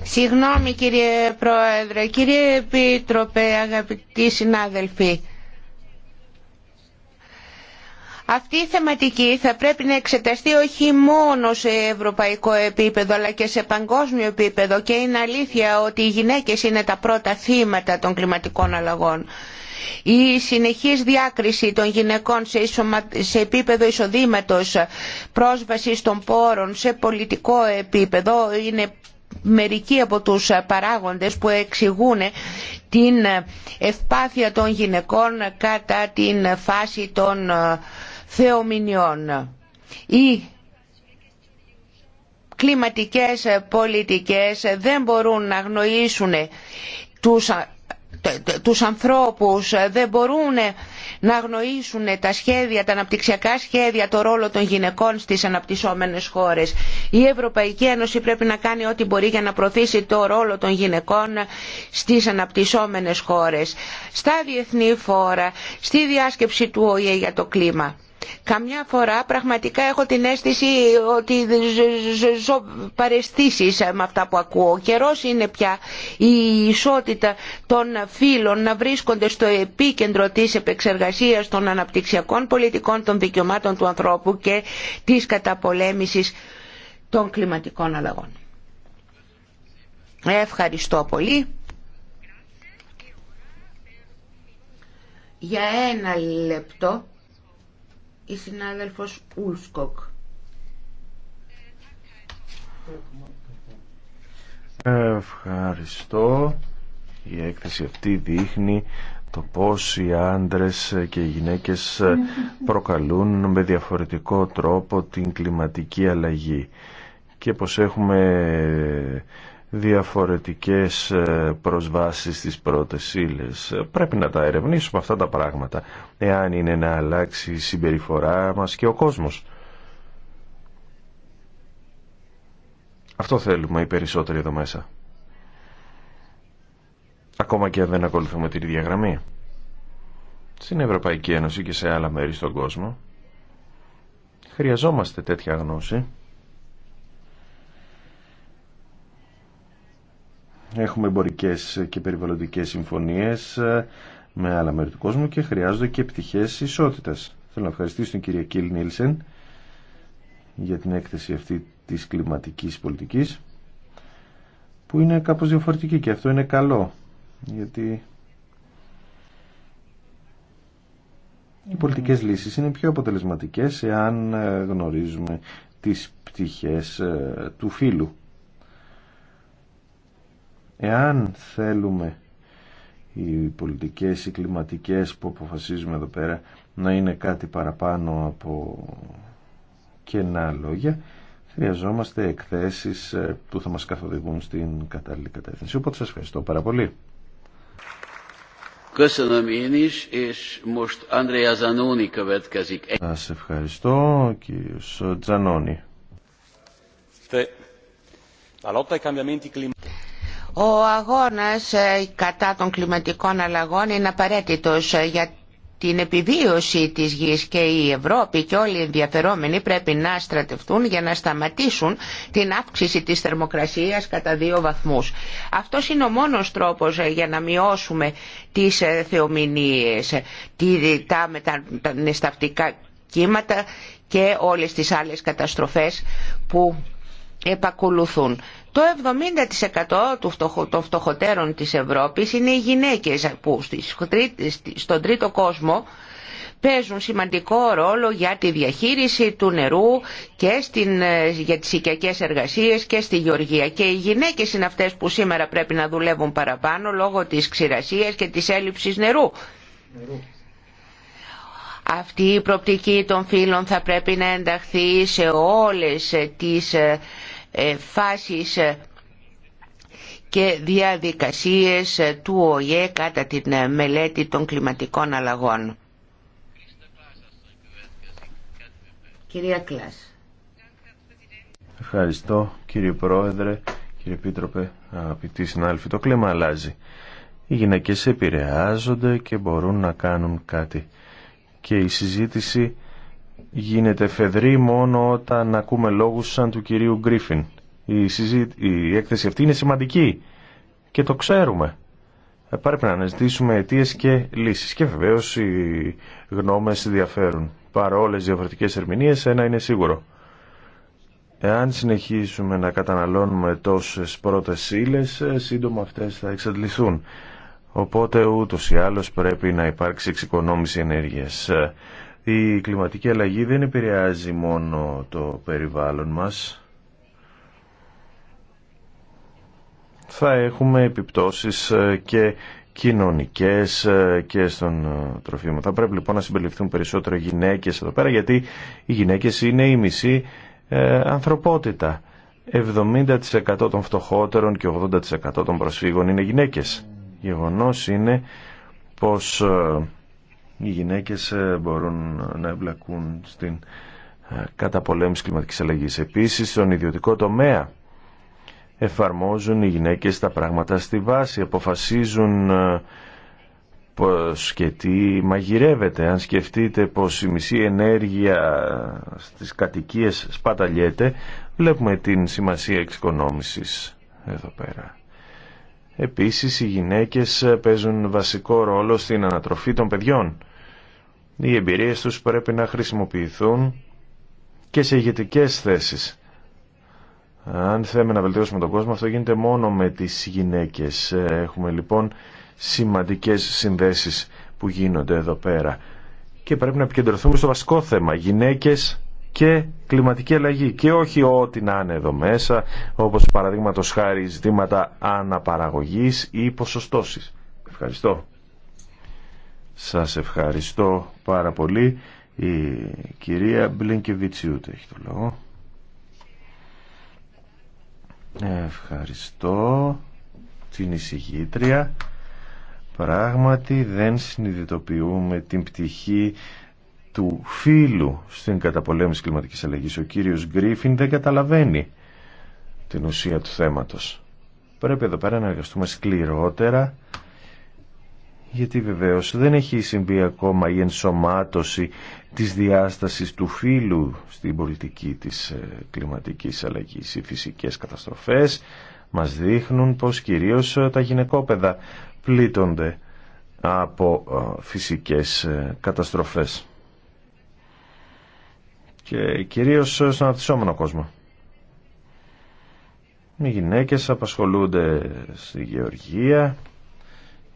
Συγγνώμη κύριε Πρόεδρε, κύριε Επίτροπε, αγαπητοί συνάδελφοι. Αυτή η θεματική θα πρέπει να εξεταστεί όχι μόνο σε ευρωπαϊκό επίπεδο αλλά και σε παγκόσμιο επίπεδο και είναι αλήθεια ότι οι γυναίκες είναι τα πρώτα θύματα των κλιματικών αλλαγών η συνεχής διάκριση των γυναικών σε επίπεδο εισοδήματος, πρόσβαση των πόρων σε πολιτικό επίπεδο είναι μερικοί από τους παράγοντες που εξηγούν την ευπάθεια των γυναικών κατά την φάση των ε, θεομηνιών. Οι κλιματικές πολιτικές δεν μπορούν να γνωρίσουν τους τους ανθρώπους ε, δεν μπορούν να αγνοήσουν τα σχέδια, τα αναπτυξιακά σχέδια, το ρόλο των γυναικών στις αναπτυσσόμενες χώρες. Η Ευρωπαϊκή Ένωση πρέπει να κάνει ό,τι μπορεί για να προωθήσει το ρόλο των γυναικών στις αναπτυσσόμενες χώρες. Στα διεθνή φόρα, στη διάσκεψη του ΟΗΕ για το κλίμα. Καμιά φορά πραγματικά έχω την αίσθηση ότι ζω παρεστήσεις με αυτά που ακούω. Ο καιρός είναι πια η ισότητα των φίλων να βρίσκονται στο επίκεντρο της επεξεργασίας των αναπτυξιακών πολιτικών, των δικαιωμάτων του ανθρώπου και της καταπολέμησης των κλιματικών αλλαγών. Ευχαριστώ πολύ. Για ένα λεπτό η συνάδελφος Ουλσκοκ. Ευχαριστώ. Η έκθεση αυτή δείχνει το πώς οι άντρες και οι γυναίκες προκαλούν με διαφορετικό τρόπο την κλιματική αλλαγή και πως έχουμε διαφορετικές ε, προσβάσεις στις πρώτες ύλες. Πρέπει να τα ερευνήσουμε αυτά τα πράγματα, εάν είναι να αλλάξει η συμπεριφορά μας και ο κόσμος. Αυτό θέλουμε οι περισσότεροι εδώ μέσα. Ακόμα και αν δεν ακολουθούμε την ίδια γραμμή. Στην Ευρωπαϊκή Ένωση και σε άλλα μέρη στον κόσμο χρειαζόμαστε τέτοια γνώση Έχουμε εμπορικέ και περιβαλλοντικέ συμφωνίες ε, με άλλα μέρη του κόσμου και χρειάζονται και πτυχέ ισότητας. Θέλω να ευχαριστήσω την κυρία Κίλ Νίλσεν για την έκθεση αυτή της κλιματικής πολιτικής που είναι κάπως διαφορετική και αυτό είναι καλό γιατί οι πολιτικές λύσεις είναι πιο αποτελεσματικές εάν ε, γνωρίζουμε τις πτυχές ε, του φύλου. Εάν θέλουμε οι πολιτικές, οι κλιματικές που αποφασίζουμε εδώ πέρα να είναι κάτι παραπάνω από κενά λόγια, χρειαζόμαστε εκθέσεις ε, που θα μας καθοδηγούν στην κατάλληλη κατεύθυνση. Οπότε σας ευχαριστώ πάρα πολύ. Σας ευχαριστώ κύριος Τζανόνι. Ο αγώνας ε, κατά των κλιματικών αλλαγών είναι απαραίτητος ε, για την επιβίωση της γης και η Ευρώπη και όλοι οι ενδιαφερόμενοι πρέπει να στρατευτούν για να σταματήσουν την αύξηση της θερμοκρασίας κατά δύο βαθμούς. Αυτό είναι ο μόνος τρόπος ε, για να μειώσουμε τις θεομηνίες, τα μετανεσταυτικά κύματα και όλες τις άλλες καταστροφές που επακολουθούν. Το 70% του φτωχο, των φτωχοτέρων της Ευρώπης είναι οι γυναίκες που στον τρίτο κόσμο παίζουν σημαντικό ρόλο για τη διαχείριση του νερού και στην, ε, για τις οικιακές εργασίες και στη γεωργία. Και οι γυναίκες είναι αυτές που σήμερα πρέπει να δουλεύουν παραπάνω λόγω της ξηρασίας και της έλλειψης νερού. Αυτή η προπτική των φύλων θα πρέπει να ενταχθεί σε όλες τις ε, ε, φάσεις ε, και διαδικασίες ε, του ΟΗΕ κατά την μελέτη των κλιματικών αλλαγών. Κυρία Κλάς. Ευχαριστώ κύριε Πρόεδρε, κύριε Πίτροπε, αγαπητοί συνάδελφοι. Το κλίμα αλλάζει. Οι γυναίκες επηρεάζονται και μπορούν να κάνουν κάτι. Και η συζήτηση γίνεται φεδρή μόνο όταν ακούμε λόγους σαν του κυρίου Γκρίφιν. Η, η έκθεση αυτή είναι σημαντική και το ξέρουμε. Ε, πρέπει να αναζητήσουμε αιτίε και λύσεις. Και βεβαίω οι γνώμες διαφέρουν. Παρά όλες τις διαφορετικές ερμηνείες, ένα είναι σίγουρο. Εάν συνεχίσουμε να καταναλώνουμε τόσες πρώτες ύλε, ε, σύντομα αυτές θα εξαντληθούν. Οπότε ούτως ή άλλως πρέπει να υπάρξει εξοικονόμηση ενέργειας. Ε, η κλιματική αλλαγή δεν επηρεάζει μόνο το περιβάλλον μας. Θα έχουμε επιπτώσεις ε, και κοινωνικές ε, και στον ε, τροφίμο. Θα πρέπει λοιπόν να συμπεριληφθούν περισσότερο γυναίκες εδώ πέρα γιατί οι γυναίκες είναι η μισή ανθρωπότητα. 70% των φτωχότερων και 80% των προσφύγων είναι γυναίκες. Γεγονός είναι πως οι γυναίκες ε, μπορούν να εμπλακούν στην ε, καταπολέμηση κλιματικής αλλαγής. Επίσης, στον ιδιωτικό τομέα εφαρμόζουν οι γυναίκες τα πράγματα στη βάση, αποφασίζουν ε, πως και τι μαγειρεύεται. Αν σκεφτείτε πως η μισή ενέργεια στις κατοικίες σπαταλιέται, βλέπουμε την σημασία εξοικονόμησης εδώ πέρα. Επίσης οι γυναίκες παίζουν βασικό ρόλο στην ανατροφή των παιδιών. Οι εμπειρίες τους πρέπει να χρησιμοποιηθούν και σε ηγετικέ θέσεις. Αν θέλουμε να βελτιώσουμε τον κόσμο, αυτό γίνεται μόνο με τις γυναίκες. Έχουμε λοιπόν σημαντικές συνδέσεις που γίνονται εδώ πέρα. Και πρέπει να επικεντρωθούμε στο βασικό θέμα. Γυναίκες και κλιματική αλλαγή και όχι ό,τι να είναι εδώ μέσα όπως παραδείγματο χάρη ζητήματα αναπαραγωγής ή ποσοστώσεις. Ευχαριστώ. Σας ευχαριστώ πάρα πολύ. Η κυρία Μπλίνκεβιτσιούτ έχει το λόγο. Ευχαριστώ την εισηγήτρια. Πράγματι δεν συνειδητοποιούμε την πτυχή του φίλου στην καταπολέμηση κλιματικής αλλαγής. Ο κύριος Γκρίφιν δεν καταλαβαίνει την ουσία του θέματος. Πρέπει εδώ πέρα να εργαστούμε σκληρότερα γιατί βεβαίως δεν έχει συμβεί ακόμα η ενσωμάτωση της διάστασης του φίλου στην πολιτική της ε, κλιματικής αλλαγής. Οι φυσικές καταστροφές μας δείχνουν πως κυρίως ε, τα γυναικόπαιδα πλήττονται από ε, φυσικές καταστροφές και κυρίως στον αναπτυσσόμενο κόσμο. Οι γυναίκες απασχολούνται στη γεωργία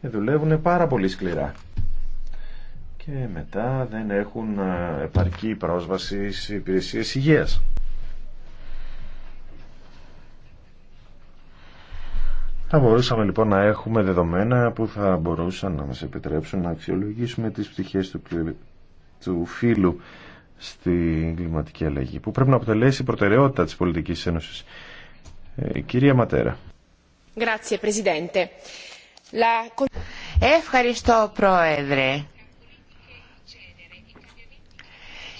και δουλεύουν πάρα πολύ σκληρά. Και μετά δεν έχουν ε, επαρκή πρόσβαση στις υπηρεσίες υγείας. Θα μπορούσαμε λοιπόν να έχουμε δεδομένα που θα μπορούσαν να μας επιτρέψουν να αξιολογήσουμε τις πτυχές του, του φύλου στην κλιματική αλλαγή που πρέπει να αποτελέσει προτεραιότητα της πολιτικής ένωσης. Ε, κυρία Ματέρα. Ευχαριστώ Πρόεδρε.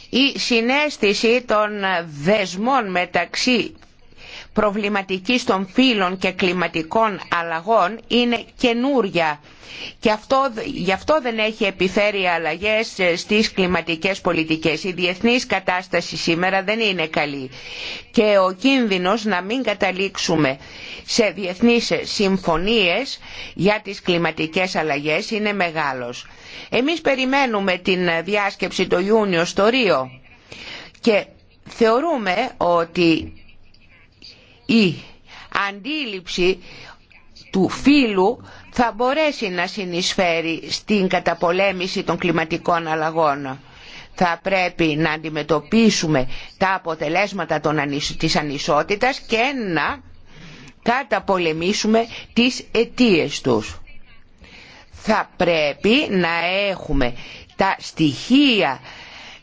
Η συνέστηση των δεσμών μεταξύ Προβληματική των φύλων και κλιματικών αλλαγών είναι καινούρια και αυτό, γι' αυτό δεν έχει επιφέρει αλλαγές στις κλιματικές πολιτικές. Η διεθνής κατάσταση σήμερα δεν είναι καλή και ο κίνδυνος να μην καταλήξουμε σε διεθνείς συμφωνίες για τις κλιματικές αλλαγές είναι μεγάλος. Εμείς περιμένουμε την διάσκεψη το Ιούνιο στο Ρίο και θεωρούμε ότι η αντίληψη του φύλου θα μπορέσει να συνεισφέρει στην καταπολέμηση των κλιματικών αλλαγών. Θα πρέπει να αντιμετωπίσουμε τα αποτελέσματα των, της ανισότητας και να καταπολεμήσουμε τις αιτίες τους. Θα πρέπει να έχουμε τα στοιχεία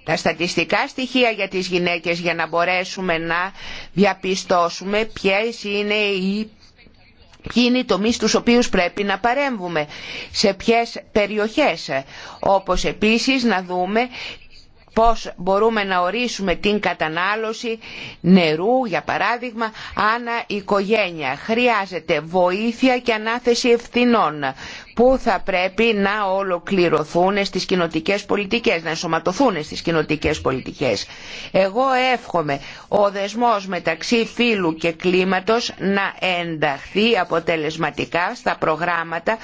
τα στατιστικά στοιχεία για τις γυναίκες για να μπορέσουμε να διαπιστώσουμε ποιες είναι οι ποιοι είναι οι τομείς στους οποίους πρέπει να παρέμβουμε, σε ποιες περιοχές, όπως επίσης να δούμε πώς μπορούμε να ορίσουμε την κατανάλωση νερού, για παράδειγμα, ανά οικογένεια. Χρειάζεται βοήθεια και ανάθεση ευθυνών που θα πρέπει να ολοκληρωθούν στις κοινοτικέ πολιτικές, να ενσωματωθούν στις κοινοτικέ πολιτικές. Εγώ εύχομαι ο δεσμός μεταξύ φύλου και κλίματος να ενταχθεί αποτελεσματικά στα προγράμματα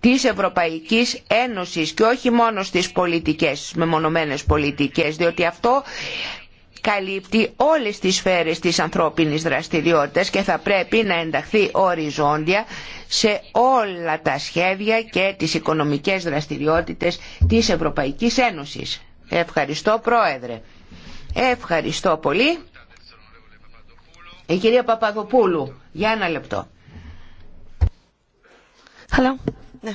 της Ευρωπαϊκής Ένωσης και όχι μόνο στις πολιτικές, με μεμονωμένες πολιτικές, διότι αυτό καλύπτει όλες τις σφαίρες της ανθρώπινης δραστηριότητας και θα πρέπει να ενταχθεί οριζόντια σε όλα τα σχέδια και τις οικονομικές δραστηριότητες της Ευρωπαϊκής Ένωσης. Ευχαριστώ Πρόεδρε. Ευχαριστώ πολύ. Η κυρία Παπαδοπούλου, για ένα λεπτό. Ναι.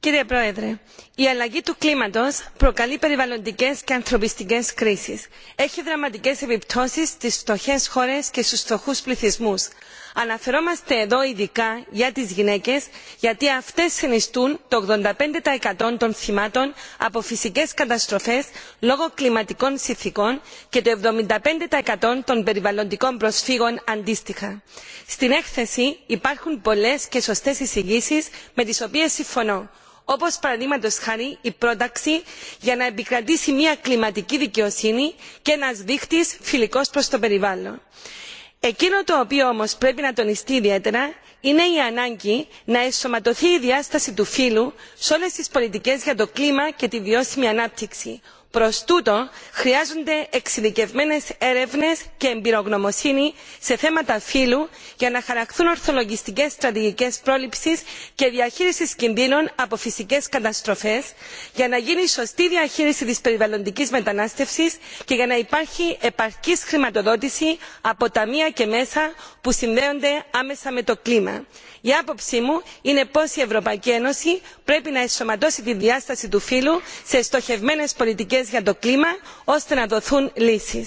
Κύριε Πρόεδρε, η αλλαγή του κλίματος προκαλεί περιβαλλοντικές και ανθρωπιστικές κρίσεις. Έχει δραματικές επιπτώσεις στι φτωχές χώρε και στους φτωχούς πληθυσμούς. Αναφερόμαστε εδώ ειδικά για τις γυναίκες γιατί αυτές συνιστούν το 85% των θυμάτων από φυσικές καταστροφές λόγω κλιματικών συνθηκών και το 75% των περιβαλλοντικών προσφύγων αντίστοιχα. Στην έκθεση υπάρχουν πολλές και σωστές εισηγήσεις με τις οποίες συμφωνώ όπω παραδείγματο χάρη η πρόταξη για να επικρατήσει μια κλιματική δικαιοσύνη και ένα δείκτης φιλικό προς το περιβάλλον εκείνο το οποίο όμω πρέπει να τονιστεί ιδιαίτερα είναι η ανάγκη να ενσωματωθεί η διάσταση του φύλου σε όλες τι πολιτικέ για το κλίμα και τη βιώσιμη ανάπτυξη προ τούτο χρειάζονται εξειδικευμένε έρευνε και εμπειρογνωμοσύνη σε θέματα φύλου για να χαραχθούν ορθολογιστικέ στρατηγικέ πρόληψη και διαχείριση κινδύνων από φυσικέ καταστροφέ για να γίνει σωστή διαχείριση τη περιβαλλοντική μετανάστευση και για να υπάρχει επαρκή χρηματοδότηση από ταμεία και μέσα που συνδέονται άμεσα με το κλίμα η άποψή μου είναι πω η ευρωπαϊκή ένωση πρέπει να ενσωματώσει τη διάσταση του φύλου σε στοχευμένε πολιτικέ για το κλίμα ώστε να δοθούν λύσει.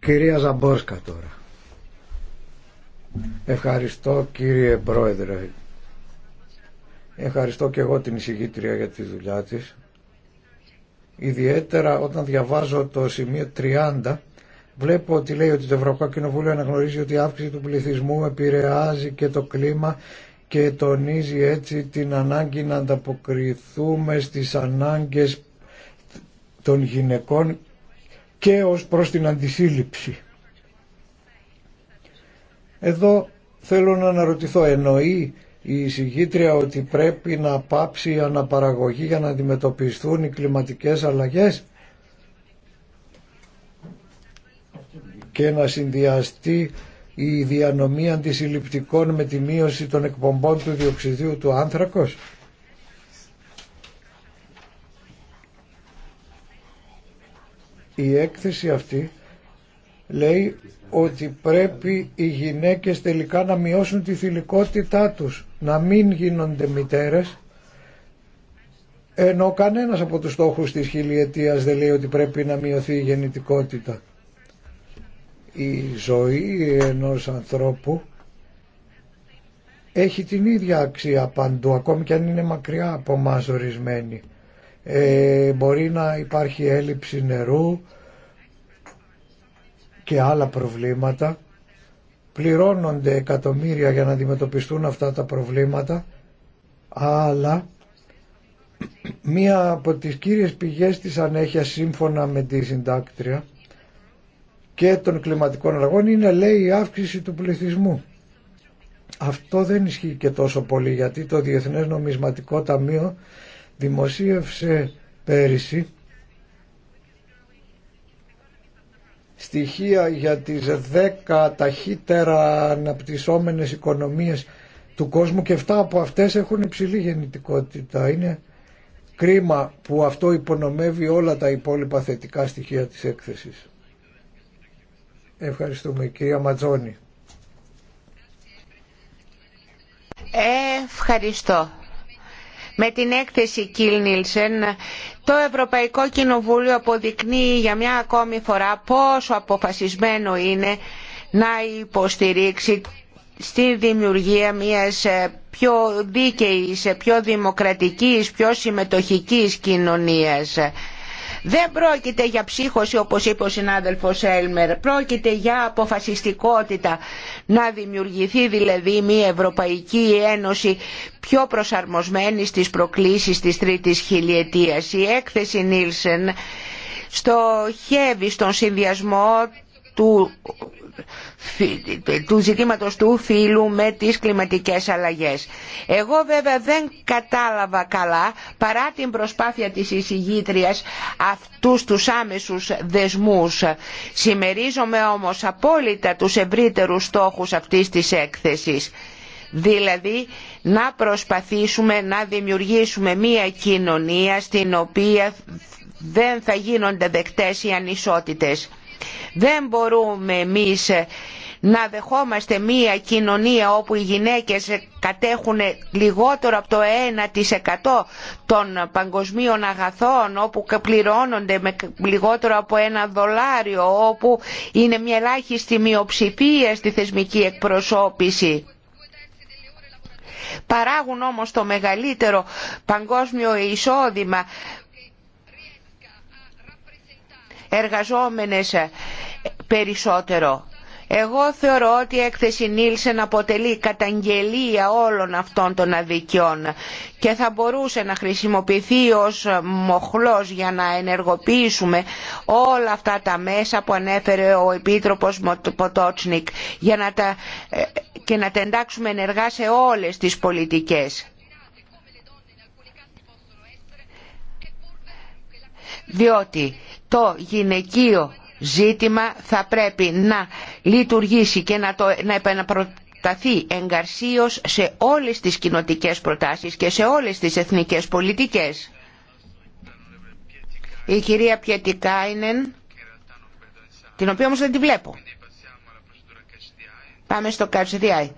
Κυρία Ζαμπόρσκα τώρα. Ευχαριστώ κύριε Πρόεδρε. Ευχαριστώ και εγώ την εισηγήτρια για τη δουλειά της. Ιδιαίτερα όταν διαβάζω το σημείο 30 Βλέπω ότι λέει ότι το Ευρωπαϊκό Κοινοβούλιο αναγνωρίζει ότι η αύξηση του πληθυσμού επηρεάζει και το κλίμα και τονίζει έτσι την ανάγκη να ανταποκριθούμε στις ανάγκες των γυναικών και ως προς την αντισύλληψη. Εδώ θέλω να αναρωτηθώ, εννοεί η εισηγήτρια ότι πρέπει να πάψει η αναπαραγωγή για να αντιμετωπιστούν οι κλιματικές αλλαγές και να συνδυαστεί η διανομή αντισυλληπτικών με τη μείωση των εκπομπών του διοξιδίου του άνθρακος. Η έκθεση αυτή λέει ότι πρέπει οι γυναίκες τελικά να μειώσουν τη θηλυκότητά τους, να μην γίνονται μητέρες, ενώ κανένας από τους στόχους της χιλιετίας δεν λέει ότι πρέπει να μειωθεί η γεννητικότητα η ζωή ενός ανθρώπου έχει την ίδια αξία παντού, ακόμη και αν είναι μακριά από μας ορισμένη. Ε, μπορεί να υπάρχει έλλειψη νερού και άλλα προβλήματα. Πληρώνονται εκατομμύρια για να αντιμετωπιστούν αυτά τα προβλήματα, αλλά μία από τις κύριες πηγές της ανέχειας σύμφωνα με τη συντάκτρια και των κλιματικών αλλαγών είναι λέει η αύξηση του πληθυσμού. Αυτό δεν ισχύει και τόσο πολύ γιατί το Διεθνές Νομισματικό Ταμείο δημοσίευσε πέρυσι στοιχεία για τις 10 ταχύτερα αναπτυσσόμενες οικονομίες του κόσμου και 7 από αυτές έχουν υψηλή γεννητικότητα. Είναι κρίμα που αυτό υπονομεύει όλα τα υπόλοιπα θετικά στοιχεία της έκθεσης. Ευχαριστούμε. Κυρία Ματζόνη. Ευχαριστώ. Με την έκθεση Κιλ Νίλσεν, το Ευρωπαϊκό Κοινοβούλιο αποδεικνύει για μια ακόμη φορά πόσο αποφασισμένο είναι να υποστηρίξει στη δημιουργία μιας ε, πιο δίκαιης, ε, πιο δημοκρατικής, πιο συμμετοχικής κοινωνίας δεν πρόκειται για ψύχωση όπως είπε ο συνάδελφος Έλμερ, πρόκειται για αποφασιστικότητα να δημιουργηθεί δηλαδή μια Ευρωπαϊκή Ένωση πιο προσαρμοσμένη στις προκλήσεις της τρίτης χιλιετίας. Η έκθεση Νίλσεν στοχεύει στον συνδυασμό του του ζητήματος του φίλου με τις κλιματικές αλλαγές. Εγώ βέβαια δεν κατάλαβα καλά παρά την προσπάθεια της εισηγήτριας αυτούς τους άμεσους δεσμούς. Σημερίζομαι όμως απόλυτα τους ευρύτερους στόχους αυτής της έκθεσης. Δηλαδή να προσπαθήσουμε να δημιουργήσουμε μία κοινωνία στην οποία δεν θα γίνονται δεκτές οι ανισότητες δεν μπορούμε εμείς να δεχόμαστε μία κοινωνία όπου οι γυναίκες κατέχουν λιγότερο από το 1% των παγκοσμίων αγαθών, όπου πληρώνονται με λιγότερο από ένα δολάριο, όπου είναι μια ελάχιστη μειοψηφία στη θεσμική εκπροσώπηση. Παράγουν όμως το μεγαλύτερο παγκόσμιο εισόδημα εργαζόμενες ε, περισσότερο. Εγώ θεωρώ ότι η έκθεση Νίλσεν αποτελεί καταγγελία όλων αυτών των αδικιών και θα μπορούσε να χρησιμοποιηθεί ως μοχλός για να ενεργοποιήσουμε όλα αυτά τα μέσα που ανέφερε ο Επίτροπος Ποτότσνικ για να τα, ε, και να τα εντάξουμε ενεργά σε όλες τις πολιτικές. Διότι το γυναικείο ζήτημα θα πρέπει να λειτουργήσει και να, το, να επαναπροταθεί εγκαρσίως σε όλες τις κοινοτικές προτάσεις και σε όλες τις εθνικές πολιτικές. Η κυρία Πιετικάινεν, την οποία όμως δεν τη βλέπω. Πάμε στο Κατσδιάι.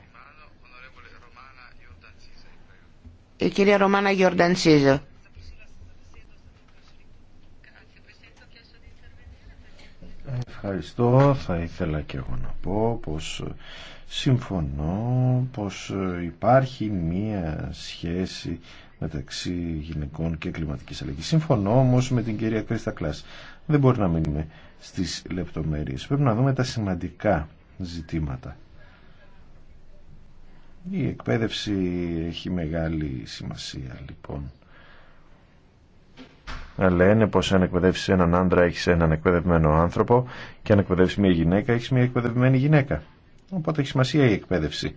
Η κυρία Ρωμάνα Γιορτανσίζο. Ευχαριστώ. Θα ήθελα και εγώ να πω πως συμφωνώ πως υπάρχει μία σχέση μεταξύ γυναικών και κλιματικής αλλαγής. Συμφωνώ όμως με την κυρία Κρίστα Κλάς. Δεν μπορεί να μείνουμε στις λεπτομέρειες. Πρέπει να δούμε τα σημαντικά ζητήματα. Η εκπαίδευση έχει μεγάλη σημασία λοιπόν ε, λένε πως αν εκπαιδεύσει έναν άντρα έχεις έναν εκπαιδευμένο άνθρωπο και αν εκπαιδεύσει μια γυναίκα έχει μια εκπαιδευμένη γυναίκα. Οπότε έχει σημασία η εκπαίδευση.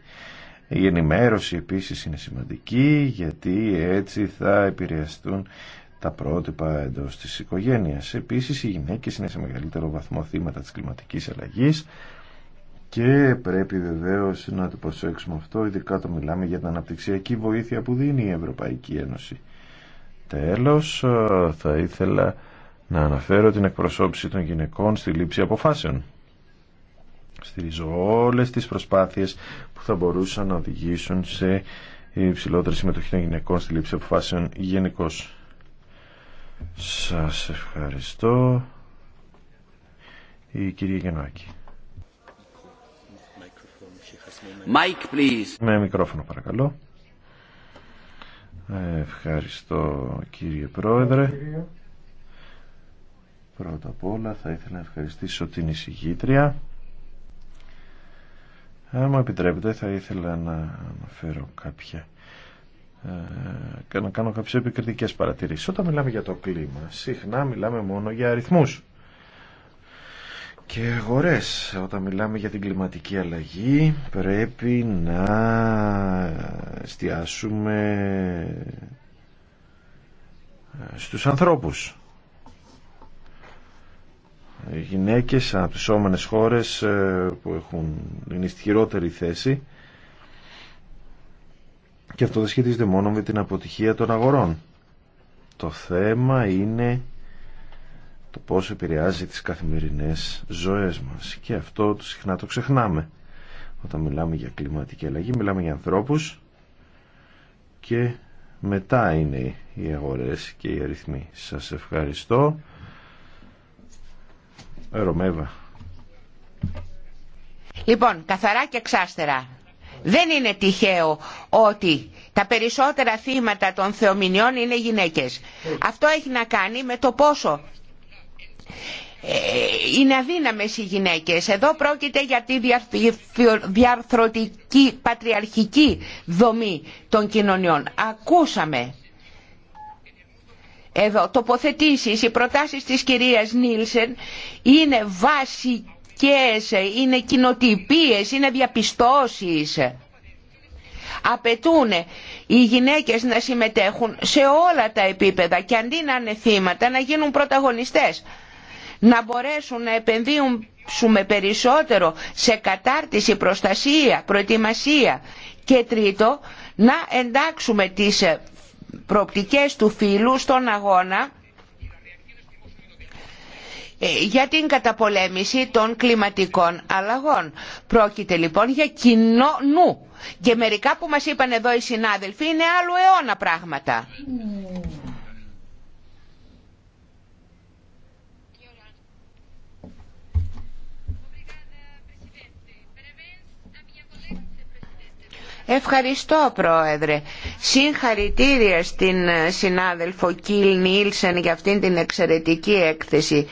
Η ενημέρωση επίσης είναι σημαντική γιατί έτσι θα επηρεαστούν τα πρότυπα εντός της οικογένειας. Επίσης οι γυναίκες είναι σε μεγαλύτερο βαθμό θύματα της κλιματικής αλλαγής και πρέπει βεβαίως να το προσέξουμε αυτό, ειδικά το μιλάμε για την αναπτυξιακή βοήθεια που δίνει η Ευρωπαϊκή Ένωση. Τέλος, ε, θα ήθελα να αναφέρω την εκπροσώπηση των γυναικών στη λήψη αποφάσεων. Στηρίζω όλες τις προσπάθειες που θα μπορούσαν να οδηγήσουν σε υψηλότερη συμμετοχή των γυναικών στη λήψη αποφάσεων γενικώ. Σας ευχαριστώ. Η κυρία Γεννάκη. Mike, please. Με μικρόφωνο παρακαλώ. Ευχαριστώ κύριε Πρόεδρε. Πρώτα απ' όλα θα ήθελα να ευχαριστήσω την εισηγήτρια. Αν μου επιτρέπετε θα ήθελα να αναφέρω κάποια ε, να κάνω κάποιες επικριτικές παρατηρήσεις. Όταν μιλάμε για το κλίμα, συχνά μιλάμε μόνο για αριθμούς και αγορές. Όταν μιλάμε για την κλιματική αλλαγή πρέπει να εστιάσουμε στους ανθρώπους. Οι γυναίκες από τις όμενες χώρες ε, που έχουν, είναι ισχυρότερη θέση και αυτό δεν σχετίζεται μόνο με την αποτυχία των αγορών. Το θέμα είναι το πώς επηρεάζει τις καθημερινές ζωές μας. Και αυτό συχνά το ξεχνάμε. Όταν μιλάμε για κλιματική αλλαγή, μιλάμε για ανθρώπους και μετά είναι οι αγορές και οι αριθμοί. Σας ευχαριστώ. Ρωμέβα. Λοιπόν, καθαρά και εξάστερα. Δεν είναι τυχαίο ότι τα περισσότερα θύματα των θεομηνιών είναι γυναίκες. Αυτό έχει να κάνει με το πόσο ε, είναι αδύναμες οι γυναίκες. Εδώ πρόκειται για τη διαρθρωτική πατριαρχική δομή των κοινωνιών. Ακούσαμε εδώ τοποθετήσεις, οι προτάσεις της κυρίας Νίλσεν είναι βασικές, είναι κοινοτυπίες, είναι διαπιστώσεις. Απαιτούν οι γυναίκες να συμμετέχουν σε όλα τα επίπεδα και αντί να είναι θύματα να γίνουν πρωταγωνιστές να μπορέσουν να επενδύσουμε περισσότερο σε κατάρτιση, προστασία, προετοιμασία και τρίτο να εντάξουμε τις προπτικές του φίλου στον αγώνα ε, για την καταπολέμηση των κλιματικών αλλαγών. Πρόκειται λοιπόν για κοινό νου. Και μερικά που μας είπαν εδώ οι συνάδελφοι είναι άλλου αιώνα πράγματα. Ευχαριστώ Πρόεδρε. Συγχαρητήρια στην ε, συνάδελφο Κιλ Νίλσεν για αυτήν την εξαιρετική έκθεση.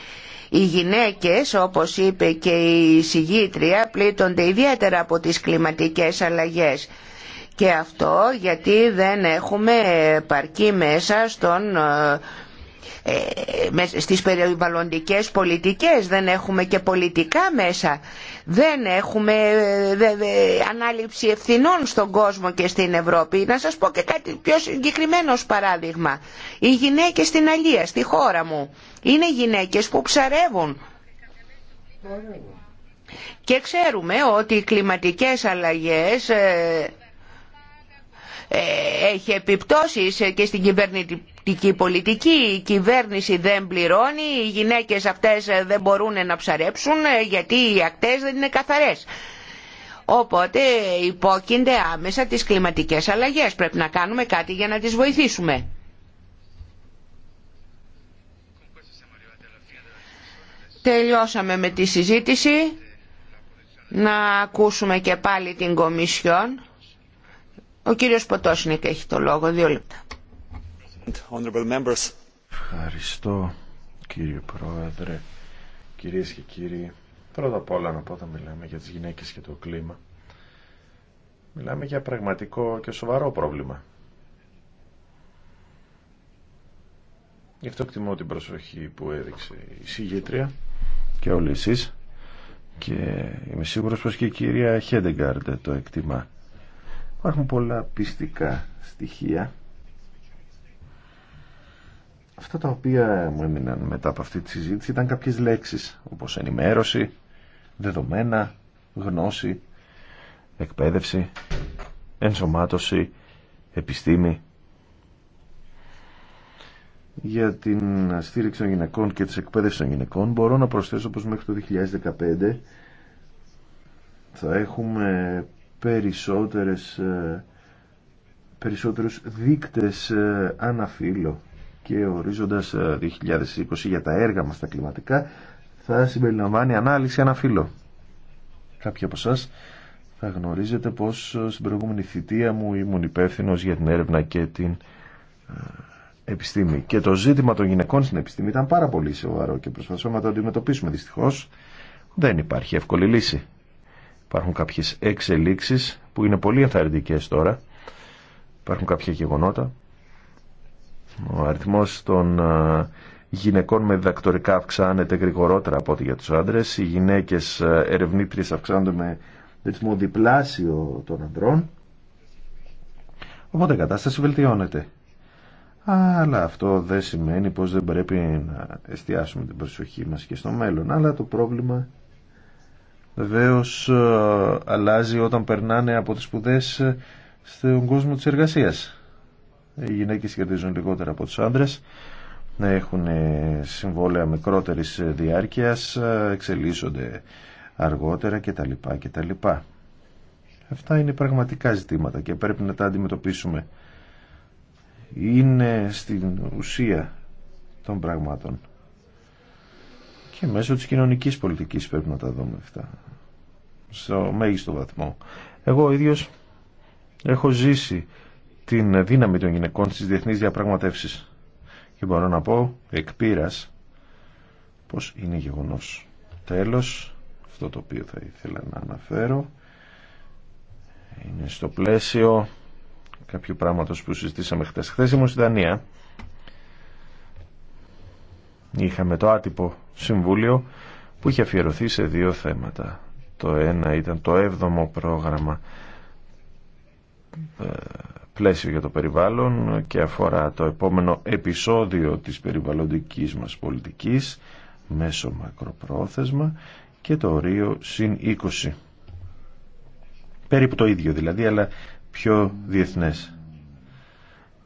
Οι γυναίκες, όπως είπε και η συγγήτρια, πλήττονται ιδιαίτερα από τις κλιματικές αλλαγές. Και αυτό γιατί δεν έχουμε παρκή μέσα στον ε, ε, στις περιβαλλοντικές πολιτικές δεν έχουμε και πολιτικά μέσα δεν έχουμε ε, ανάληψη ευθυνών στον κόσμο και στην Ευρώπη. Να σας πω και κάτι πιο συγκεκριμένο παράδειγμα. Οι γυναίκες στην Αγία, στη χώρα μου, είναι γυναίκες που ψαρεύουν. Και ξέρουμε ότι οι κλιματικές αλλαγές ε, ε, έχει επιπτώσεις και στην κυβερνητική η πολιτική. Η κυβέρνηση δεν πληρώνει, οι γυναίκες αυτές δεν μπορούν να ψαρέψουν γιατί οι ακτές δεν είναι καθαρές. Οπότε υπόκεινται άμεσα τις κλιματικές αλλαγές. Πρέπει να κάνουμε κάτι για να τις βοηθήσουμε. Τελειώσαμε με τη συζήτηση. Να ακούσουμε και πάλι την Κομισιόν. Ο κύριος Ποτόσνικ έχει το λόγο. Δύο λεπτά. Ευχαριστώ κύριε Πρόεδρε, κυρίες και κύριοι. Πρώτα απ' όλα να πω ότι μιλάμε για τις γυναίκες και το κλίμα. Μιλάμε για πραγματικό και σοβαρό πρόβλημα. Γι' αυτό εκτιμώ την προσοχή που έδειξε η συγγήτρια και όλοι εσείς και είμαι σίγουρος πως και η κυρία Χέντεγκάρντε το εκτιμά. Υπάρχουν πολλά πιστικά στοιχεία Αυτά τα οποία μου έμειναν μετά από αυτή τη συζήτηση ήταν κάποιες λέξεις, όπως ενημέρωση, δεδομένα, γνώση, εκπαίδευση, ενσωμάτωση, επιστήμη. Για την στήριξη των γυναικών και της εκπαίδευση των γυναικών μπορώ να προσθέσω πως μέχρι το 2015 θα έχουμε περισσότερες, ε, περισσότερους δείκτες ε, αναφύλλω και ορίζοντας 2020 ε, για τα έργα μας τα κλιματικά θα συμπεριλαμβάνει ανάλυση ένα φύλλο. Κάποιοι από εσά θα γνωρίζετε πως ε, στην προηγούμενη θητεία μου ήμουν υπεύθυνο για την έρευνα και την ε, επιστήμη. Και το ζήτημα των γυναικών στην επιστήμη ήταν πάρα πολύ σοβαρό και προσπαθούμε να το αντιμετωπίσουμε. Δυστυχώς δεν υπάρχει εύκολη λύση. Υπάρχουν κάποιες εξελίξεις που είναι πολύ ενθαρρυντικές τώρα. Υπάρχουν κάποια γεγονότα ο αριθμός των ε, γυναικών με διδακτορικά αυξάνεται γρηγορότερα από ό,τι για τους άντρες. Οι γυναίκες ε, ερευνήτριες αυξάνονται με ρυθμό διπλάσιο των ανδρών. Οπότε η κατάσταση βελτιώνεται. Αλλά αυτό δεν σημαίνει πως δεν πρέπει να εστιάσουμε την προσοχή μας και στο μέλλον. Αλλά το πρόβλημα βεβαίω ε, αλλάζει όταν περνάνε από τις σπουδές στον κόσμο της εργασίας οι γυναίκες κερδίζουν λιγότερα από τους άντρες να έχουν ε, συμβόλαια μικρότερης ε, διάρκειας, ε, εξελίσσονται αργότερα κτλ. κτλ. Αυτά είναι πραγματικά ζητήματα και πρέπει να τα αντιμετωπίσουμε. Είναι στην ουσία των πραγμάτων. Και μέσω της κοινωνικής πολιτικής πρέπει να τα δούμε αυτά. Στο μέγιστο βαθμό. Εγώ ίδιος έχω ζήσει την δύναμη των γυναικών στις διεθνείς διαπραγματεύσεις. Και μπορώ να πω εκ πείρας πως είναι γεγονός. Τέλος, αυτό το οποίο θα ήθελα να αναφέρω είναι στο πλαίσιο κάποιου πράγματος που συζητήσαμε χθες. Χθες ήμουν στη Δανία. Είχαμε το άτυπο συμβούλιο που είχε αφιερωθεί σε δύο θέματα. Το ένα ήταν το έβδομο πρόγραμμα ε, πλαίσιο για το περιβάλλον και αφορά το επόμενο επεισόδιο της περιβαλλοντικής μας πολιτικής μέσω μακροπρόθεσμα και το ορίο συν 20. Περίπου το ίδιο δηλαδή, αλλά πιο διεθνές.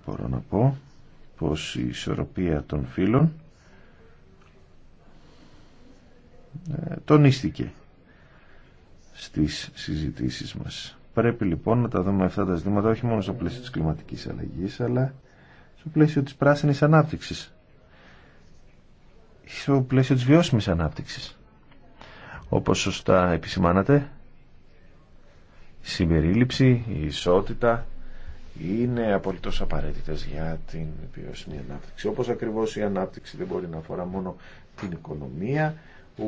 Μπορώ να πω πως η ισορροπία των φύλων ε, τονίστηκε στις συζητήσεις μας. Πρέπει λοιπόν να τα δούμε αυτά τα ζητήματα όχι μόνο στο πλαίσιο της κλιματικής αλλαγής αλλά στο πλαίσιο της πράσινης ανάπτυξης. Στο πλαίσιο της βιώσιμης ανάπτυξης. Όπως σωστά επισημάνατε, η συμπερίληψη, η ισότητα είναι απολύτως απαραίτητες για την βιώσιμη ανάπτυξη. Όπως ακριβώς η ανάπτυξη δεν μπορεί να αφορά μόνο την οικονομία,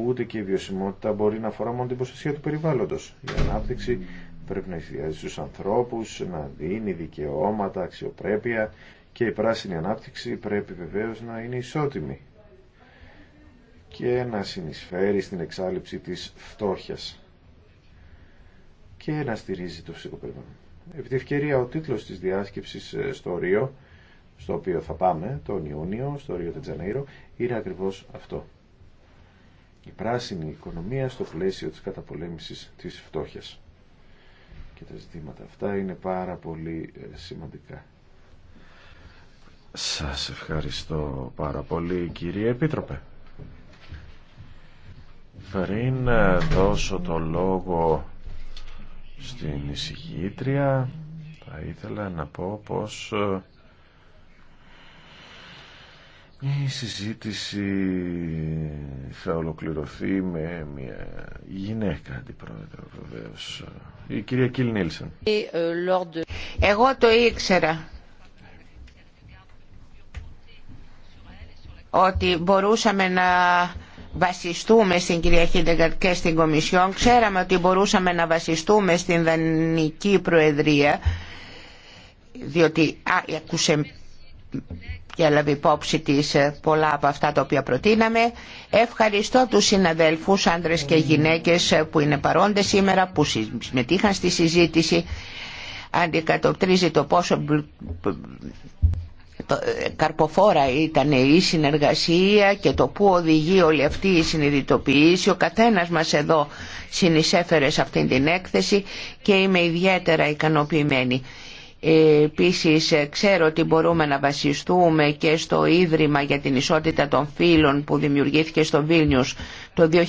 ούτε και η βιωσιμότητα μπορεί να αφορά μόνο την προστασία του περιβάλλοντος. Η ανάπτυξη πρέπει να εστιάζει στους ανθρώπους, να δίνει δικαιώματα, αξιοπρέπεια και η πράσινη ανάπτυξη πρέπει βεβαίως να είναι ισότιμη και να συνεισφέρει στην εξάλληψη της φτώχειας και να στηρίζει το φυσικό περιβάλλον. Επί τη ευκαιρία ο τίτλος της διάσκεψης ε, στο Ρίο, στο οποίο θα πάμε τον Ιούνιο, στο Ρίο Τετζανέιρο, είναι ακριβώς αυτό. Η πράσινη οικονομία στο πλαίσιο της καταπολέμησης της φτώχειας και τα ζητήματα αυτά είναι πάρα πολύ ε, σημαντικά. Σας ευχαριστώ πάρα πολύ κύριε Επίτροπε. Πριν ε, δώσω το λόγο στην εισηγήτρια θα ήθελα να πω πως ε, η συζήτηση θα ολοκληρωθεί με μια γυναίκα αντιπρόεδρο βεβαίω. Η κυρία Κιλ Νίλσεν. Εγώ το ήξερα ότι μπορούσαμε να βασιστούμε στην κυρία Χίντεγκαρτ και στην Κομισιόν. Ξέραμε ότι μπορούσαμε να βασιστούμε στην Δανική Προεδρία διότι και έλαβε υπόψη της ε, πολλά από αυτά τα οποία προτείναμε. Ευχαριστώ τους συναδέλφους, άντρες και γυναίκες ε, που είναι παρόντες σήμερα, που συμμετείχαν στη συζήτηση. Αντικατοπτρίζει το πόσο ε, καρποφόρα ήταν η συνεργασία και το που οδηγεί όλη αυτή η συνειδητοποίηση. Ο καθένας μας εδώ συνεισέφερε σε αυτή την έκθεση και είμαι ιδιαίτερα ικανοποιημένη. Επίσης ξέρω ότι μπορούμε να βασιστούμε και στο Ίδρυμα για την Ισότητα των Φύλων που δημιουργήθηκε στο Βίλνιους το 2011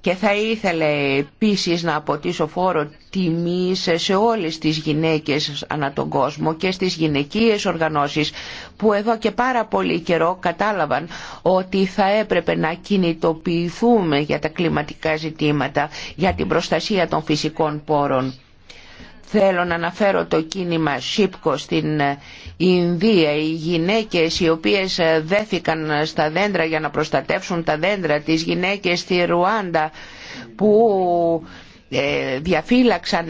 και θα ήθελε επίσης να αποτίσω φόρο τιμής σε όλες τις γυναίκες ανά τον κόσμο και στις γυναικείες οργανώσεις που εδώ και πάρα πολύ καιρό κατάλαβαν ότι θα έπρεπε να κινητοποιηθούμε για τα κλιματικά ζητήματα, για την προστασία των φυσικών πόρων Θέλω να αναφέρω το κίνημα ΣΥΠΚΟ στην ε, Ινδία. Οι γυναίκες οι οποίες ε, δέθηκαν ε, στα δέντρα για να προστατεύσουν τα δέντρα, τις γυναίκες στη Ρουάντα που διαφύλαξαν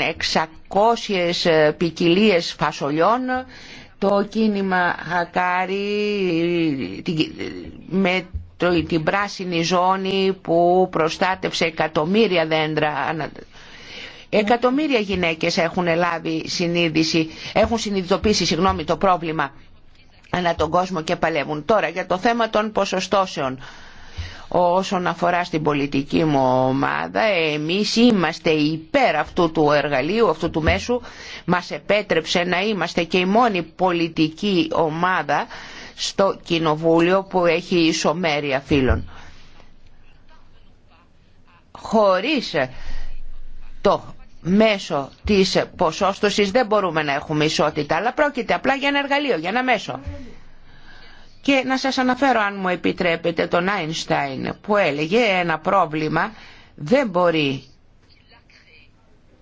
600 ποικιλίε φασολιών, το κίνημα Χακάρι με την πράσινη ζώνη που προστάτευσε εκατομμύρια δέντρα Εκατομμύρια γυναίκες έχουν λάβει συνείδηση, έχουν συνειδητοποιήσει συγγνώμη, το πρόβλημα ανά τον κόσμο και παλεύουν. Τώρα για το θέμα των ποσοστώσεων. Όσον αφορά στην πολιτική μου ομάδα, εμείς είμαστε υπέρ αυτού του εργαλείου, αυτού του μέσου. Μας επέτρεψε να είμαστε και η μόνη πολιτική ομάδα στο Κοινοβούλιο που έχει ισομέρεια φίλων. Χωρίς το μέσω της ποσόστοσης δεν μπορούμε να έχουμε ισότητα, αλλά πρόκειται απλά για ένα εργαλείο, για ένα μέσο. Και να σας αναφέρω αν μου επιτρέπετε τον Άινστάιν που έλεγε ένα πρόβλημα δεν μπορεί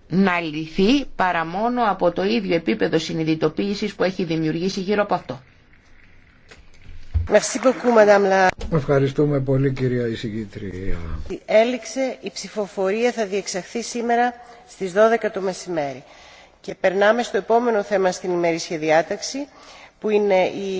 να λυθεί παρά μόνο από το ίδιο επίπεδο συνειδητοποίησης που έχει δημιουργήσει γύρω από αυτό. Ευχαριστούμε πολύ κυρία εισηγήτρια. Έληξε η ψηφοφορία θα διεξαχθεί σήμερα στις 12 το μεσημέρι. Και περνάμε στο επόμενο θέμα στην ημερήσια διάταξη, που είναι η